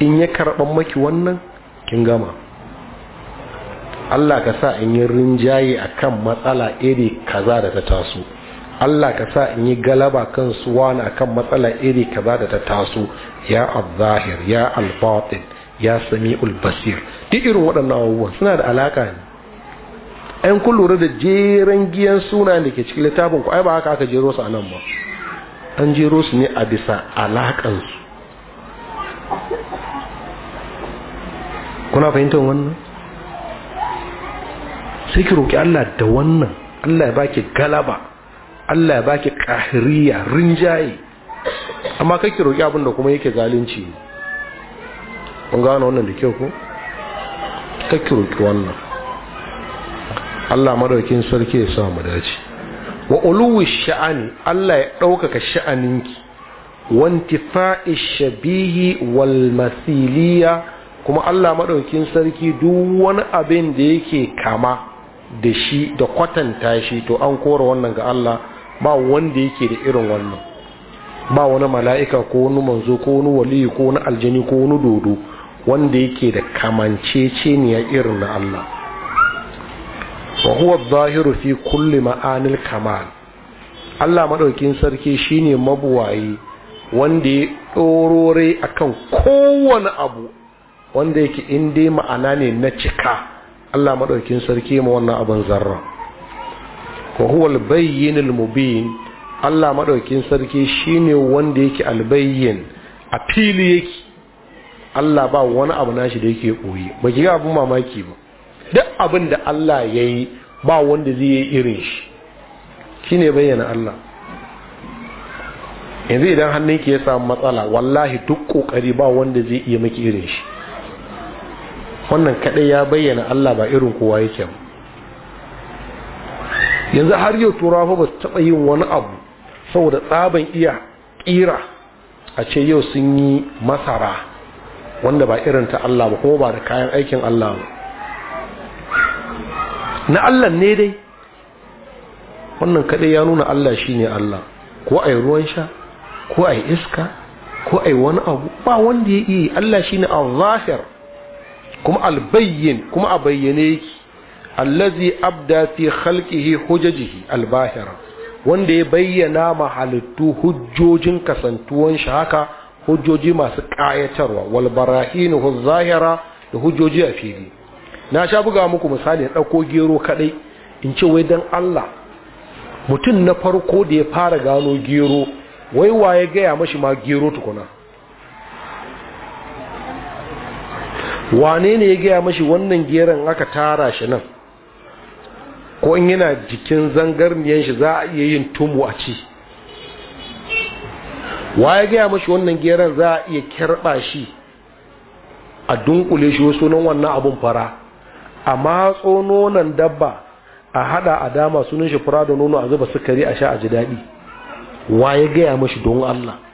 in ya karɓa maki wannan kin gama Allah ka sa in yi rinjaye a kan matsala iri kaza da ta taso Allah ka sa in yi galaba kan suwana kan matsala iri kaza da ta taso ya al-zahir ya al-batin ya sami'ul basir duk irin waɗannan abubuwan suna da alaƙa ne ɗan kun lura da jeren giyan suna da ke cikin littafin ku ai ba haka aka jero su a nan ba an jero su ne a bisa alaƙansu kuna fahimtar wannan sai ki roki Allah da wannan Allah ya baki galaba Allah ya baki kahiriya rinjaye amma kai ki roki abin da kuma yake zalunci kun gano wannan da kyau ko kai ki roki wannan Allah madaukin sarki ya sa mu dace wa uluwi sha'ani Allah ya ɗaukaka sha'aninki wantifa'i shabihi wal masiliya kuma Allah maɗaukin sarki duk wani abin da yake kama da shi da kwatanta shi to an kora wannan ga Allah ba wanda yake da irin wannan ba wani mala'ika ko wani manzo ko wani waliyu ko wani aljani ko wani dodo wanda yake da kamanceceniya irin na Allah wa huwa zahiru fi kulli ma'anil kamal Allah maɗaukin sarki shine mabuwayi wanda ya ɗorore akan kowane abu wanda yake in dai ma'ana ne na cika Allah madaukin sarki ma wannan abin zarra ko huwa al-bayyin Allah madaukin sarki shine wanda yake al-bayyin a fili yake Allah ba wani abu nashi da yake koyi ba ki ga abin mamaki ba duk abin da Allah yayi ba wanda zai yi irin shi shine bayyana Allah yanzu idan hannunki ya samu matsala wallahi duk kokari ba wanda zai iya maki irin shi wannan kadai ya bayyana Allah ba irin kowa yake ba yanzu har yau turawa ba su taɓa yin wani abu saboda tsaban iya kira a ce yau sun yi masara wanda ba irin ta Allah ba ko ba da kayan aikin Allah ba na Allah ne dai wannan kaɗai ya nuna Allah shi ne Allah ko a yi ruwan sha ko a yi iska ko a yi wani abu ba wanda ya iya Allah shi ne a zahir kuma albayyin kuma a bayyane yake allazi abda fi khalqihi hujajihi albahira wanda ya bayyana ma halittu hujjojin kasantuwan shi haka hujjoji masu kayatarwa wal barahinu zahira da hujjoji a fili na sha buga muku misali dauko gero kadai in ce wai dan Allah mutum na farko da ya fara gano gero wai waye gaya mashi ma gero tukuna wane ne ya gaya mashi wannan geran aka tara shi nan ko in yana jikin zangarniyan shi za a iya yin tumu a ci wa ya gaya mashi wannan geran za a iya kyarba shi a dunkule shi wasu nan wannan abun fara a matso nonon dabba a hada a dama sunan shi fura da nono a zuba sukari a sha a ji daɗi wa ya gaya mashi don Allah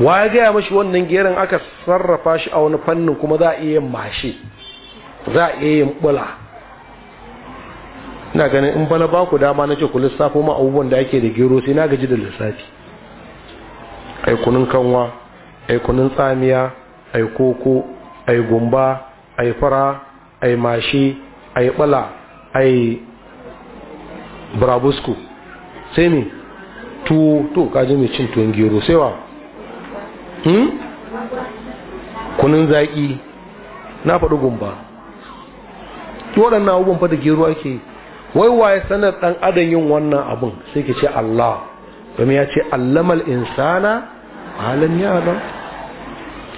wa ya gaya mashi wannan gerin aka sarrafa shi a wani fannin kuma za a iya yin mashi za a iya yin bula ina ganin in bana ba ku dama na ce ku lissafo ma abubuwan da ake da gero sai na gaji da lissafi ai kunun kanwa ai kunun tsamiya ai koko ai gumba ai fara ai mashi ai bala ai brabusku sai ne tuwo to kaji mai cin tuwon gero sai wa Hmm? kunun zaƙi na faɗi gumba waɗannan abubuwan fa da gero ake wai sanar ɗan adam yin wannan abun sai ke ce Allah domin ya ce allamal insana halin yara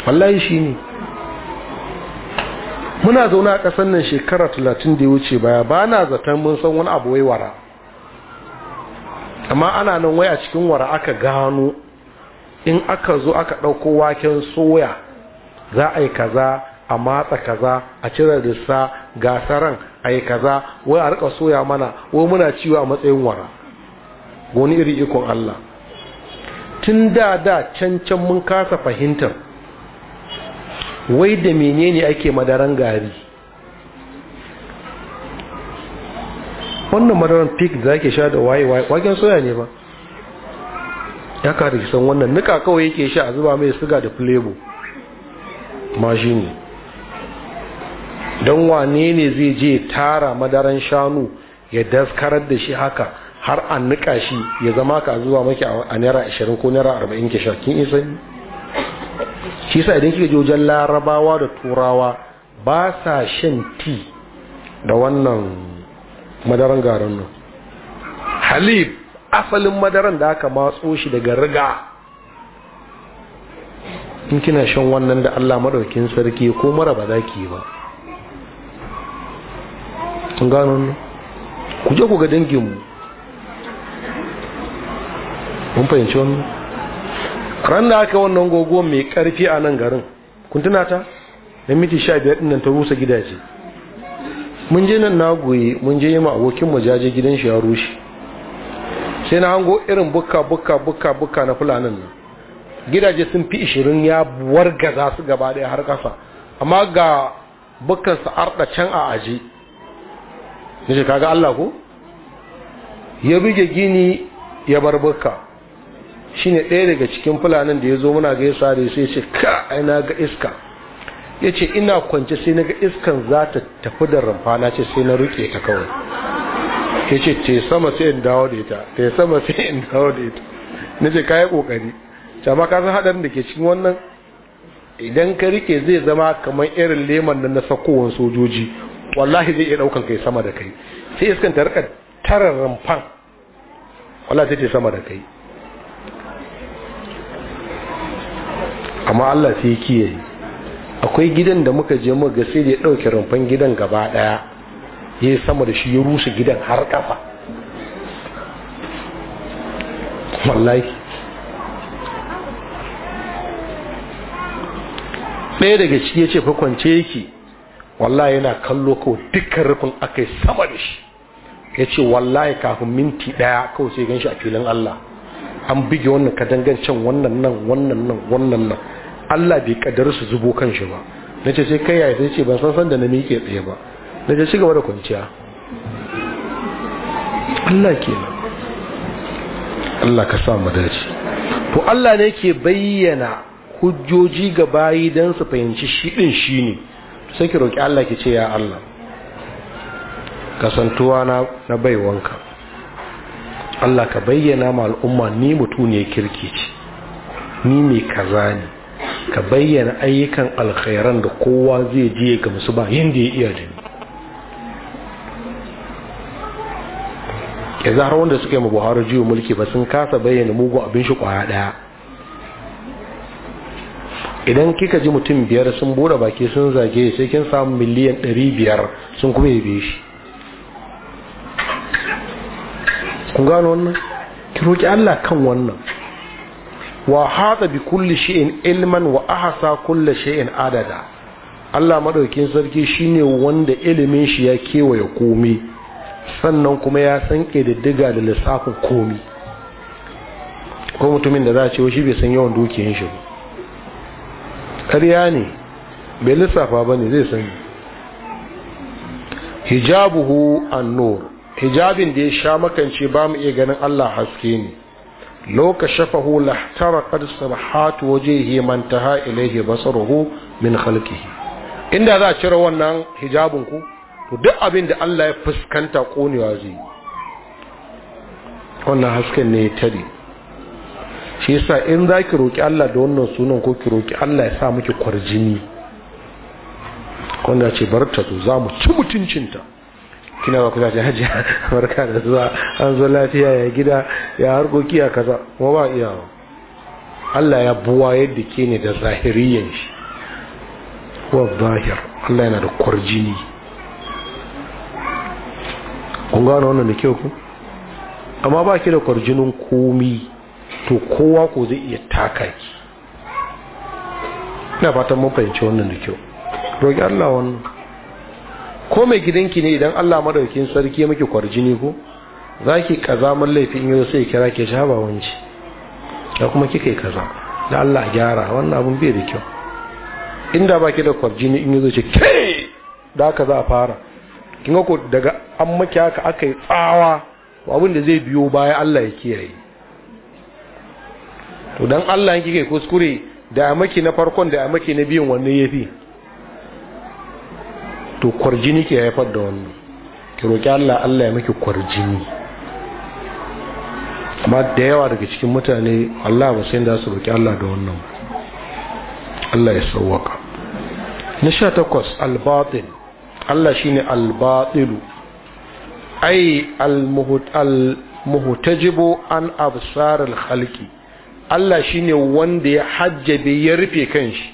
wallahi shi ne muna zaune a ƙasar nan shekara talatin da ya wuce baya ba na zaton mun san wani abu wai wara amma ana nan wai a cikin wara aka gano in aka zo aka ɗauko waken soya za a yi kaza a matsa kaza a cire rissa gasaran a yi kaza wai a rika soya mana wai muna ciwo a matsayin wara wani iri ikon Allah tun da da can can mun kasa fahimtar wai da menene ake madaran gari wannan madaran pig da ake sha da waye waken soya ne ba ya ka da kisan wannan nika kawai yake sha a zuba mai siga da flavor Mashini don wane ne zai je tara madaran shanu ya daskar da shi haka har an nika shi ya zama ka zuwa maki a naira 20 ko naira 40 ke kin isa shi sa idan kika je wajen larabawa da turawa ba sa shan ti da wannan madaran garin nan halib asalin madaran da aka matso shi daga riga in kina shan wannan da Allah madaukin sarki ko mara ba za ki ba kun gano ku je ku ga danginmu mun fahimci wannan ran da aka wannan gogo mai karfi a nan garin kun tuna ta da miti sha biyar ɗin nan ta rusa gidaje mun je nan na goye mun je yi ma abokin jaje gidan shi ya rushe sai na hango irin buka buka buka buka na fulanin nan gidaje sun fi ishirin ya wargaza su gaba daya har kasa amma ga bukan su arda can a aji shi kaga Allah ko ya buge gini ya bar buka shine ɗaya daga cikin fulanin da ya zo muna gaisa da sai ce ka aina ga iska ya ce ina kwance sai na ga iskan za ta tafi da rumfana ce sai na ruke ta kawai ya ce ce sama sai in dawo da ita ta sama sai in dawo da ita na ce yi kokari amma ka san haɗarin da ke cikin wannan idan ka rike zai zama kamar irin leman nan na sakowar sojoji wallahi zai iya ɗaukan kai sama da kai sai iskan ta rika tarar rumfan wallahi zai ce sama da kai amma Allah sai kiyaye akwai gidan da muka je muka ga sai da ya ɗauke rumfan gidan gaba ɗaya ya yi sama da shi ya rushe gidan har kafa, wallahi ɗaya daga ciki ya ce kwakwance yake wallahi yana kallo kawai dukkan rufin aka yi sama da shi ya ce wallahi kafin minti ɗaya kawai sai gan shi a filin Allah an bige wannan kadangan can wannan nan wannan nan wannan nan Allah bai kadar su zubo kan shi ba na ce sai kai yaya sai ce ban san san da na miƙe tsaye ba daga ta cigaba da kwanciya Allah ke Allah ka sa mu to Allah ne ke bayyana hujjoji ga bayi don su fahimci shi din shi ne sai ki roƙi Allah ki ce ya Allah kasantuwa na na baiwanka Allah ka bayyana ma al'umma ni ne kirki ce ni mai kaza ne ka bayyana ayyukan alkhairan da kowa zai je ga musu ba yanda ya iya jini yanzu har wanda suka yi ma buhari jiwo mulki ba sun kasa bayyana mugu abin shi kwaya daya idan kika ji mutum biyar sun bude baki sun zage sai kin samu miliyan ɗari biyar sun kuma yabe shi kun gano wannan ki roki Allah kan wannan wa hada bi kulli shay'in ilman wa ahsa kulli shay'in adada Allah madaukin sarki shine wanda ilimin shi ya kewaye komai sannan kuma ya san ƙididdiga da lissafin komi ko mutumin da za a ce shi bai san yawan dukiyan shi ba ƙarya ne bai lissafa ba ne zai sani hijabuhu annur hijabin da ya sha makance ba mu iya ganin allah haske ne loka shafahu lahtarakat waje ha man taha ilayhi basaruhu min halki. inda za a cire wannan hijabin to duk abin da Allah ya fuskanta konewa zai wannan hasken ne ya tare shi yasa in za ki roƙi Allah da wannan sunan ko ki roƙi Allah ya sa miki kwarjini wanda ce bar ta zo za mu ci mutuncinta kina ba ku za ta hajji barka da zuwa an zo lafiya ya gida ya harkoki kiya kaza kuma ba iyawa Allah ya buwa yadda ke ne da zahiriyan shi wa zahir Allah yana da kwarjini kun gano wannan da kyau ku amma ba ki da kwarjinin komi to kowa ko zai iya taka ki ina fatan mun fahimci wannan da kyau roƙi Allah wannan ko mai gidanki ne idan Allah madaukakin sarki ya miki kwarjini ko zaki kaza mun laifi in yau sai kira ke shaba wanci da kuma kika yi kaza da Allah gyara wannan abun bai da kyau inda baki da kwarjini in yau ce ke da haka za a fara kin ko daga an maki haka aka yi tsawa abin da zai biyo baya Allah ya kiyaye to dan Allah yake kai kuskure da a maki na farkon da a maki na biyun wanne yafi to kwarjini ke haifar da wannan ki roki Allah Allah ya maki kwarjini amma da yawa daga cikin mutane Allah ba sai da su roki Allah da wannan Allah ya sauwaka na 18 al-batin Allah shine al-batilu ai al jibo an absar halki Allah Allah shine wanda ya hajjabe ya rufe kanshi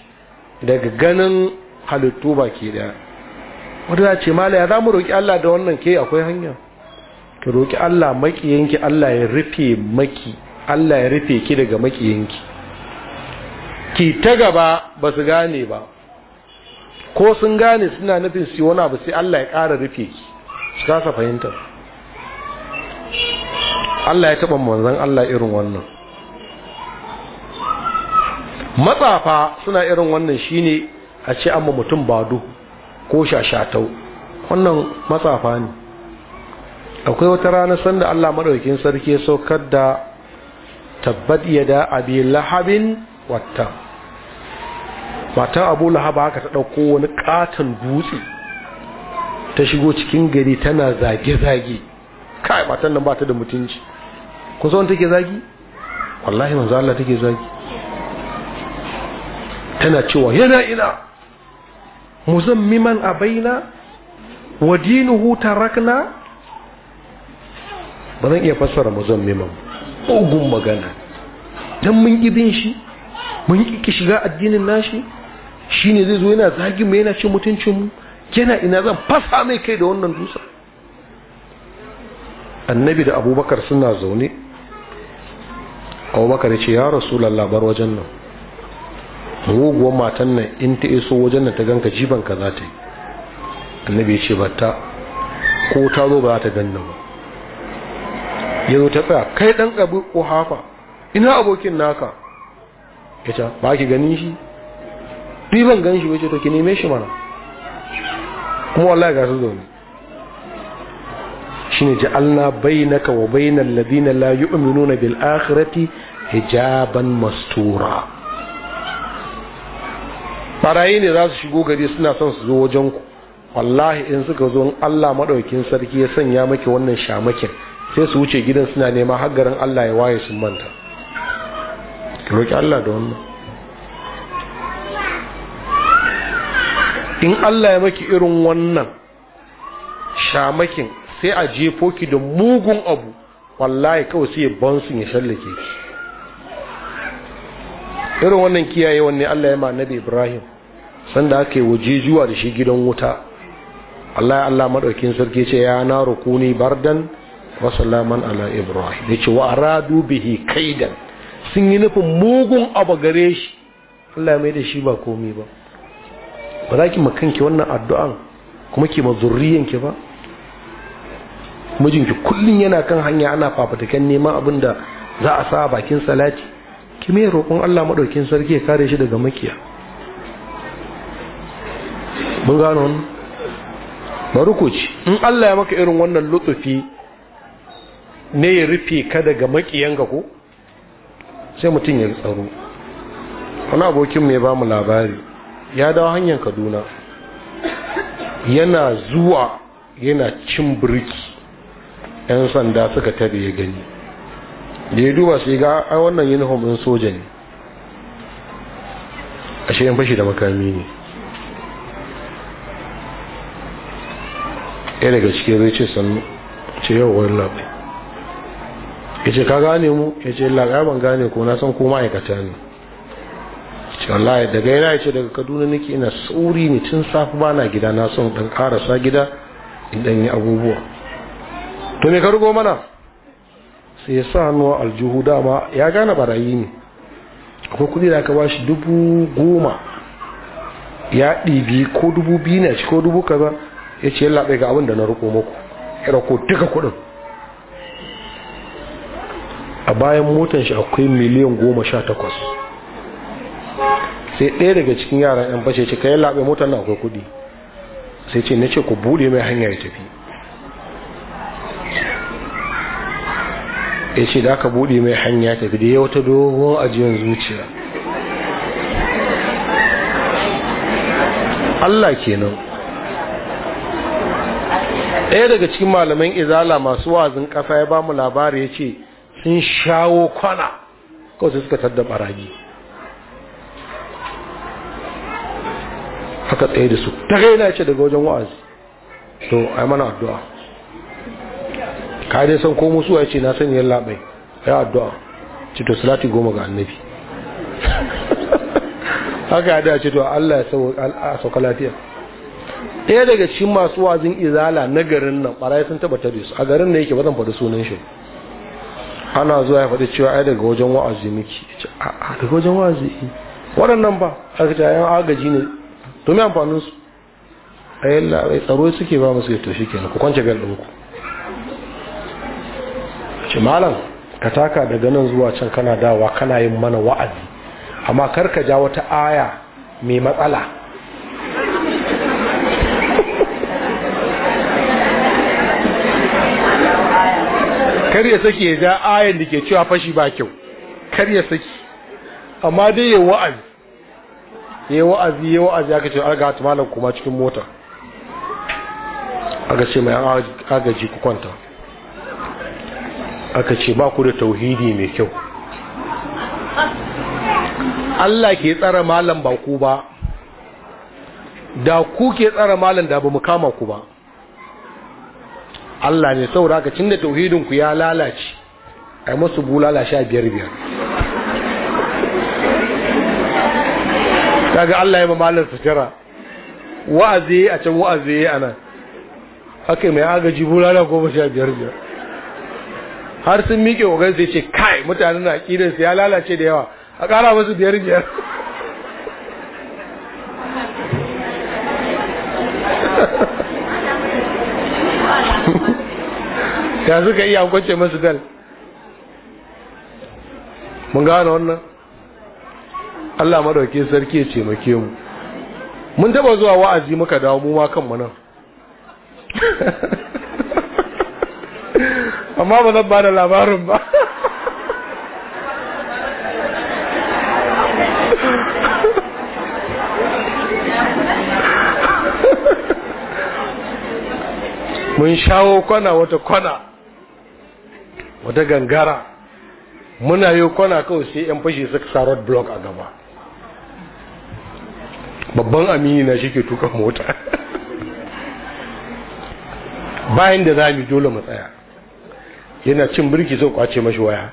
daga ganin halittu ke daya wadda za ce ya za mu roƙi Allah da wannan ke akwai hanya ki roƙi Allah makiyanki Allah ya rufe maki Allah ya rufe ki daga makiyanki ki ta gaba ba su gane ba ko sun gane suna nufin su wani abu sai Allah ya ƙara rufe su kasa fahimtar Allah ya taɓa manzan Allah irin wannan matsafa suna irin wannan shine a ce amma mutum bado ko shashatau wannan matsafa ne akwai wata rana sanda Allah maɗaukin sarki saukar da tabbat yada abi lahabin wata matan abu lahaba haka ta ɗauko wani katon dutse ta shigo cikin gari tana zage-zage kai matan nan ba ta da mutunci kusa take zagi wallahi manzo Allah take zagi tana cewa yana ina muzammiman abaina wa dinuhu tarakna ba zan iya fassara muzammiman ogun magana dan mun ibin shi mun ki shiga addinin nashi Shi ne zai zo yana zagin mai yana cin mutuncin mu yana ina zan fasa mai kai da wannan dusa annabi da abubakar suna zaune abubakar ya ce ya rasu lallabar wajen nan muguwan matan nan in ta iso wajen nan ta ganka jiban ka za ta yi annabi ya ce ta ko ta zo ba ta ganna ba ya zo ta tsaya kai dan abu hafa ina abokin naka ya ce ba ki ganin shi bi ban gan shi wace ce to ki neme shi mana kuma wallahi ga su zaune shine ja'alna bainaka wa bainal ladina la yu'minuna bil akhirati hijaban mastura barayi ne za su shigo gari suna son su zo wajen ku wallahi in suka zo Allah madaukin sarki ya sanya maki wannan shamakin sai su wuce gidan suna nema haggarin Allah ya waye sun manta ki roki Allah da wannan in Allah ya maki irin wannan shamakin sai a jefo ki da mugun abu wallahi kawai sai bansun ya shallake ki irin wannan kiyaye wanne Allah ya ma nabi Ibrahim sanda aka yi waje zuwa da shi gidan wuta Allah Allah madaukin sarki ce ya na rukuni bardan wa salaman ala Ibrahim yace wa aradu bihi kaidan sun yi nufin mugun abu gare shi Allah ya mai da shi ba komai ba ba za ki makanki wannan addu'an kuma ke ma ba mijinki kullum yana kan hanya ana fafatakan neman abin da za a sa a bakin salati ki mai roƙon Allah maɗaukin sarki ya kare shi daga makiya mun gano wani. bari in Allah ya maka irin wannan lutsufi ne ya rufe ka daga makiyanka ko sai mutum ya tsaro wani abokin mai ba mu labari ya dawo hanyar kaduna yana zuwa yana cin birki yan sanda suka tabi ya gani da ya duba sai ga a wannan uniform ɗin soja ne ashe yan fashi da makami ne ya daga cikin rice ce sannu ce yau wani labai ya ce ka gane mu ya ce labai ban gane ko na san ko ma'aikata ne ce wallahi daga yana ce daga kaduna nake ina sauri ne tun safi ba na gida na son dan karasa gida idan yi abubuwa to me ka rugo mana sai ya sa hannu aljihu dama ya gane barayi ne akwai kudi da aka bashi dubu goma ya ɗibi ko dubu biyu ne ko dubu kaza ya ce yalla ga abin da na riko muku ya rako duka kudin a bayan motan shi akwai miliyan goma sha takwas sai ɗaya daga cikin yaran yan fashe ce yi labe motar na akwai kuɗi sai ce na ce ku buɗe mai hanya ya tafi ya ce da aka buɗe mai hanya tafi da ya wata dogon ajiyar zuciya Allah kenan ɗaya daga cikin malaman izala masu wazin ƙasa ya ba mu labari ya ce sun shawo kwana kawai suka tadda baragi haka tsaye da su ta gaina ce daga wajen wa'azi to ai mana addu'a ka dai san ko musu ya ce na san yin labai ya addu'a ce to salati goma ga annabi [laughs] haka da ce to Allah ya sauka lafiya ɗaya daga cikin masu wazin izala na garin nan ɓarayi sun taba tare su a garin da yake ba zan faɗi sunan shi ana zuwa ya faɗi cewa ai daga wajen wa'azi miki a daga wajen wa'azi waɗannan ba a ta agaji ne to me amfanin su ayin labai tsaro suke ba musu to shi kenan ku kwance bel ɗinku ce malam ka taka daga nan zuwa can kana dawa kana yin mana wa'azi amma kar ka ja wata aya mai matsala kar ya saki ya ja ayan da ke cewa fashi ba kyau kar ya saki amma dai ya wa'azi yayi wa'azi yayi wa'azi aka ce arga ta malam kuma cikin mota aka ce mai agaji ku kwanta aka ce ba ku da tauhidi mai kyau Allah ke tsara malam ba ku ba da ku ke tsara malam da ba mu kama ku ba Allah ne saboda haka cin da tauhidinku ya lalace ai masu bulala sha biyar biyar kaga Allah ya ma malar sutura wa'azi a can wa'azi a nan haka mai agaji bulala goma sha biyar biyar har sun miƙe ƙoƙarin sai ce kai mutanen na ƙidan ya lalace da yawa a ƙara masu biyar biyar [laughs] ya suka iya kwace masu dal mun gane wannan Allah madauke sarki ya ce make mu mun taba zuwa wa'azi muka dawo mu ma kanmu nan [laughs] amma ba zan ba da labarin ba [laughs] mun shawo kwana wata kwana wata gangara muna yi kwana kawai sai 'yan fashe suka sarar block a gaba babban amini na shi ke tuka mota bayan da za mu dole mu tsaya yana cin birki zai kwace mashi waya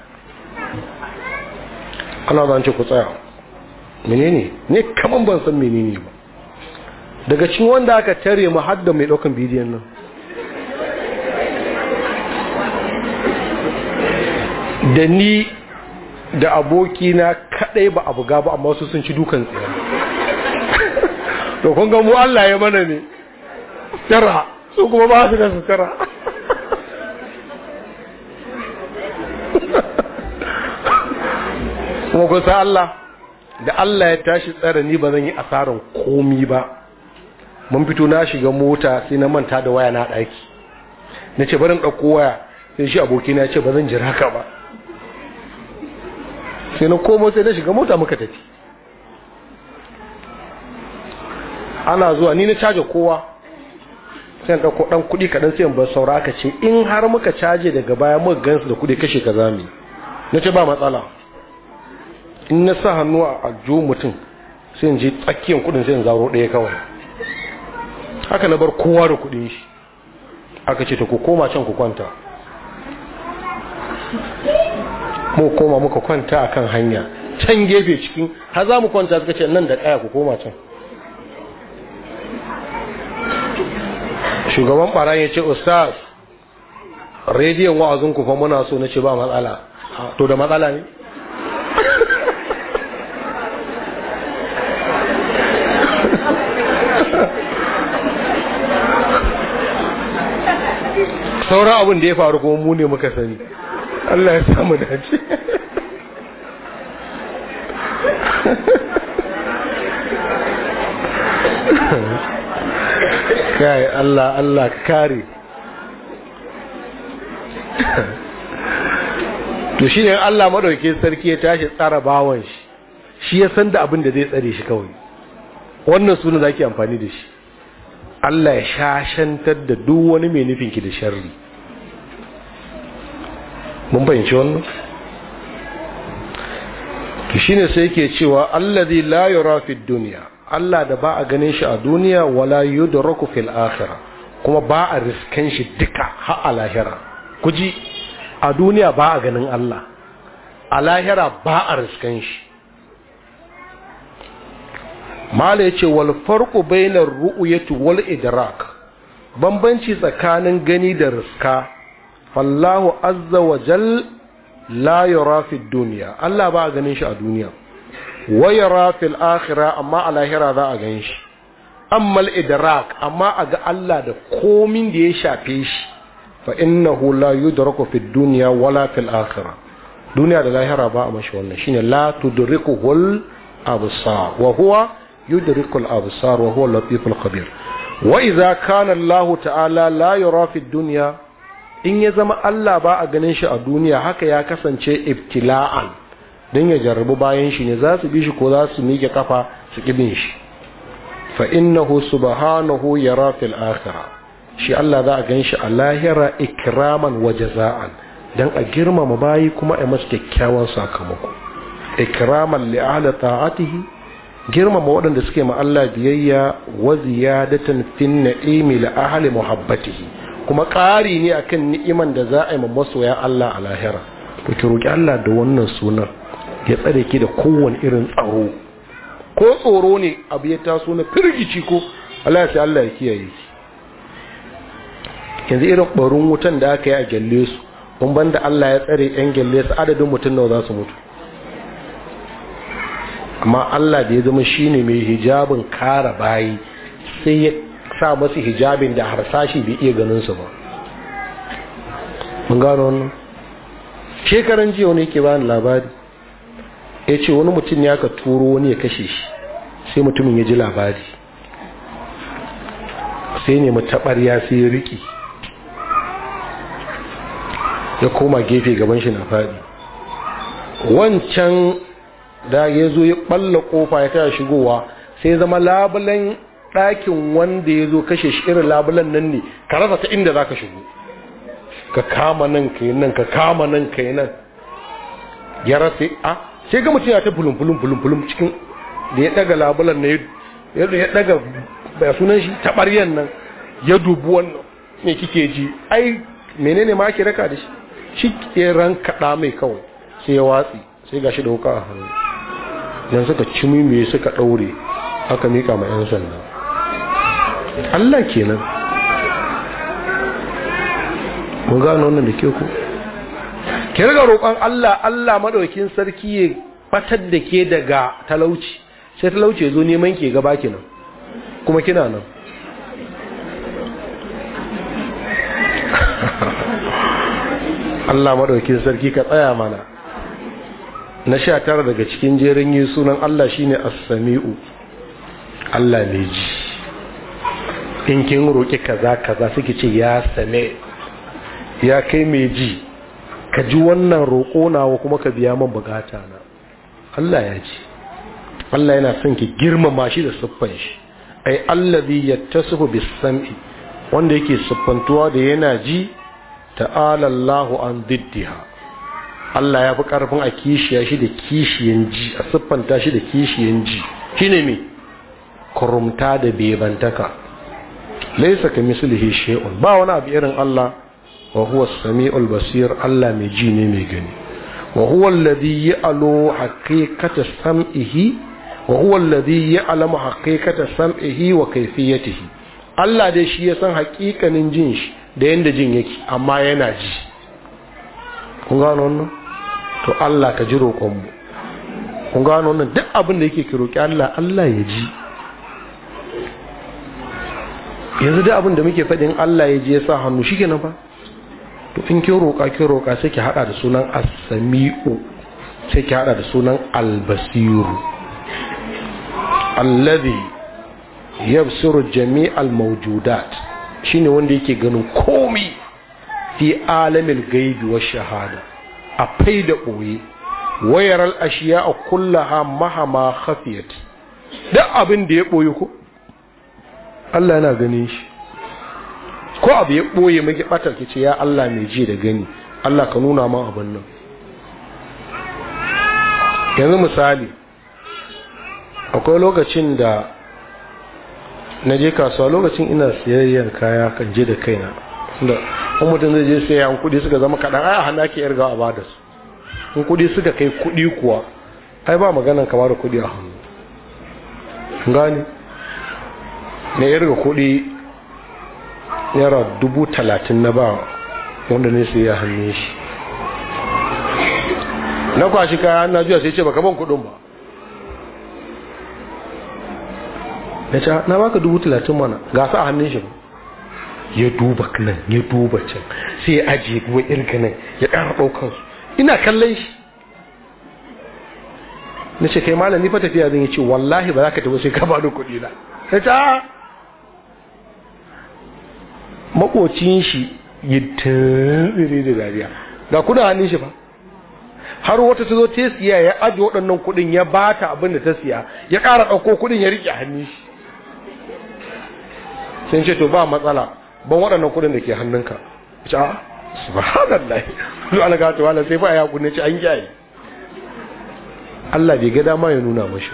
ana zan ce ku tsaya menene ne kaman ban san menene ba daga cikin wanda aka tare mu hadda mai daukan bidiyon nan da ni da abokina kadai ba a buga ba amma su sun ci dukan tsaye to kun ga mu Allah ya mana ne Tara su kuma ba su da sutura kuma kun san Allah da Allah ya tashi tsara ni ba zan yi asaran komi ba mun fito na shiga mota sai na manta da waya na daki na ce barin ɗauko waya sai shi abokina ya ce ba zan jira ka ba sai na komo sai na shiga mota muka tafi ana zuwa ni na caje kowa sai ka ko dan kudi kadan sai ban saura aka ce in har muka caje daga baya muka gansu da kudi kashe kaza mi nace ba matsala in na sa hannu a ajo mutum sai in je tsakiyar kudin sai in zaro daya kawai haka na bar kowa da kudin shi aka ce ta ku koma can ku kwanta mu koma muka kwanta akan hanya can gefe cikin har za mu kwanta suka ce nan da kaya ku koma can shugaban ɓaran ya ce ustaz rediyon wa'azin ku fa muna so na ce ba matsala to da matsala ne [laughs] sauran abin da ya faru kuma mu ne muka sani Allah ya samu dace kai Allah Allah kare to shine Allah maɗauki sarki ya tashi tsara bawan shi shi ya san da abin da zai tsare shi kawai wannan sunan za amfani da shi Allah ya shashantar da duk wani mai nufin ki da sharri mun bayanci wannan to shine sai ke cewa allazi la yura fi duniya Allah da ba a ganin shi a duniya wala yudraku fil akhirah kuma ba a riskan shi duka har a lahira kuji a duniya ba a ganin Allah a lahira ba a riskan shi mala yace wal farqu bainar ru'yati wal idrak bambanci tsakanin gani da riska fallahu azza wa jal la yura fi dunya Allah ba a ganin shi a duniya wayara fil akhira amma a lahira za a gan shi ammal idrak amma a ga Allah da komin da ya shafe shi fa innahu la yudraku fid dunya wala fil akhira duniya da lahira ba a mashi wannan shine la hul absar wa huwa al absar wa huwa latiful khabir wa idza kana Allah ta'ala la yura fid dunya in ya zama Allah ba a ganin shi a duniya haka ya kasance ibtila'an don ya jarrabu bayan shi ne za su bi shi ko za su miƙe kafa su ƙibin shi fa innahu subhanahu ya fil akhirah shi Allah za a gan shi a lahira ikraman waje jaza'an dan a girmama bayi kuma a masu kyakkyawan sakamako ikraman li ahli ta'atihi girmama waɗanda suke ma Allah biyayya wa ziyadatan fin na'imi li ahli muhabbatihi kuma ƙari ne akan ni'iman da za a yi ma masoya Allah a lahira ku ki roki Allah da wannan sunan ya tsare ki da kowane irin tsaro ko tsoro ne abu ya taso na firgici ko Allah ya Allah ya kiyaye ki yanzu irin barun wutan da aka yi a gyalle su kun banda Allah ya tsare yan gyalle su adadin mutum nawa za su mutu amma Allah da ya zama shine mai hijabin kara bayi sai ya sa masu hijabin da harsashi bai iya ganin su ba mun gano wannan shekaran jiya ne ke bani labari ya ce wani mutum ya ka turo wani ya kashe shi sai mutumin ya ji labari sai ne taɓarya sai ya riƙi ya koma gefe gaban shi na faɗi wancan da ya zo ya ɓalla ƙofa ya taya shigowa sai zama labulen ɗakin wanda ya zo kashe shi irin labulen nan ne ka rasa ta inda za ka shigo ka kama nan ka yi nan ka kama nan ka yi nan ya rasa a sai ga mutum ya ta bulum bulum bulum bulum cikin da ya daga labulan ne ya daga bai sunan shi tabaryan nan ya dubu wannan me kike ji ai menene ma ake raka da shi shi ke ran kada mai kawai sai ya watsi sai gashi da wuka a hannu nan suka cimi me suka daure aka mika ma yan sanda Allah kenan mun ga wannan da ke ku ki riga roƙon Allah Allah madaukin sarki ya batar da ke daga talauci sai talauci ya zo neman ke gaba ki nan kuma kina nan [laughs] Allah madaukin sarki ka tsaya mana na sha tara daga cikin jerin yi sunan Allah shine as-sami'u Allah mai ji in kin roƙi kaza kaza suke ce ya same ya kai mai ji ka ji wannan roƙo nawa kuma ka biya man bukata na Allah ya ce Allah yana son ki girmama shi da siffan shi ai allazi yattasifu bis-sam'i wanda yake siffantuwa da yana ji ta'ala Allahu an diddiha Allah ya fi karfin a kishiya shi da kishiyan ji a siffanta shi da kishiyan ji shine me kurumta da bebantaka laisa ka mislihi shay'un ba wani abu irin Allah wa huwa sami'ul basir Allah mai ji ne mai gani wa huwa alladhi ya'lamu haqiqata sam'ihi wa huwa alladhi ya'lamu haqiqata sam'ihi wa kayfiyatihi Allah dai shi ya san haƙiƙanin jin shi da yanda jin yake amma yana ji kun gano wannan to Allah ka ji roƙon mu kun gano wannan duk abin da yake ki roƙi Allah Allah ya ji yanzu duk abin da muke faɗin Allah ya ji ya sa hannu shikenan fa to in kin roƙa kin roƙa sai ki hada da sunan as-sami'u sai ki hada da sunan al-basiru alladhi yabsiru jami'al mawjudat shine wanda yake ganin komai fi alamin ghaibi wa shahada a fai da ɓoye wayar al a kullaha mahama khafiyat duk abin da ya ɓoye ko Allah yana ganin shi ko abu ya ɓoye maki ɓatar ki ce ya Allah mai ji da gani Allah ka nuna man abin nan yanzu misali akwai lokacin da na je kasuwa lokacin ina siyayyar kaya kan je da kaina da kuma mutum zai je siyayyar kudi suka zama kaɗan a hana ke yarga a bada su in kudi suka kai kudi kuwa ai ba maganan kamar kuɗi a hannu gani na yarga kudi. yara dubu talatin na ba wanda ne sai ya hannu shi na kwashi kaya na juya sai ce baka ban kudin ba ya ce na baka dubu talatin mana gasa a hannun shi ya duba nan ya duba can sai ya ajiye kuma irga ya ƙara ɗaukar su ina kallon shi na ce kai malami ni fa tafiya zan yi ce wallahi ba za ka tafi sai ka ba kuɗi na ya ce makocin shi ya tare da dariya ga kuna hannun shi fa har wata ta zo ta siya ya ajiye waɗannan kudin ya ba ta abin da ta siya ya ƙara ɗauko kudin ya riƙe hannun shi sun ce to ba matsala ban waɗannan kudin da ke hannunka ba a subhanallah zuwa alaga ta wala sai fa ya kunne ci an yi. Allah bai ga dama ya nuna mashi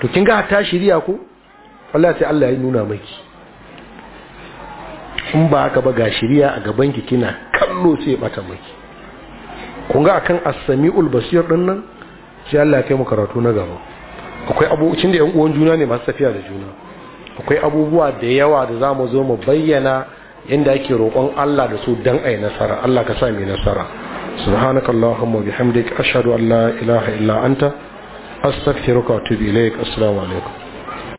to kin ga ta shirya ko Allah sai Allah ya nuna maki in ba haka ba ga shirya a gaban ki kina kallo sai bata miki kun ga akan as-sami'ul basir din nan sai Allah kai mu karatu na gaba akwai cin da yan uwan juna ne masu tafiya da juna akwai abubuwa da yawa da zamu zo mu bayyana inda ake roƙon Allah da su dan ai nasara Allah ka sa mu nasara subhanakallahumma bihamdik ashhadu an la ilaha illa anta astaghfiruka wa atubu ilaik assalamu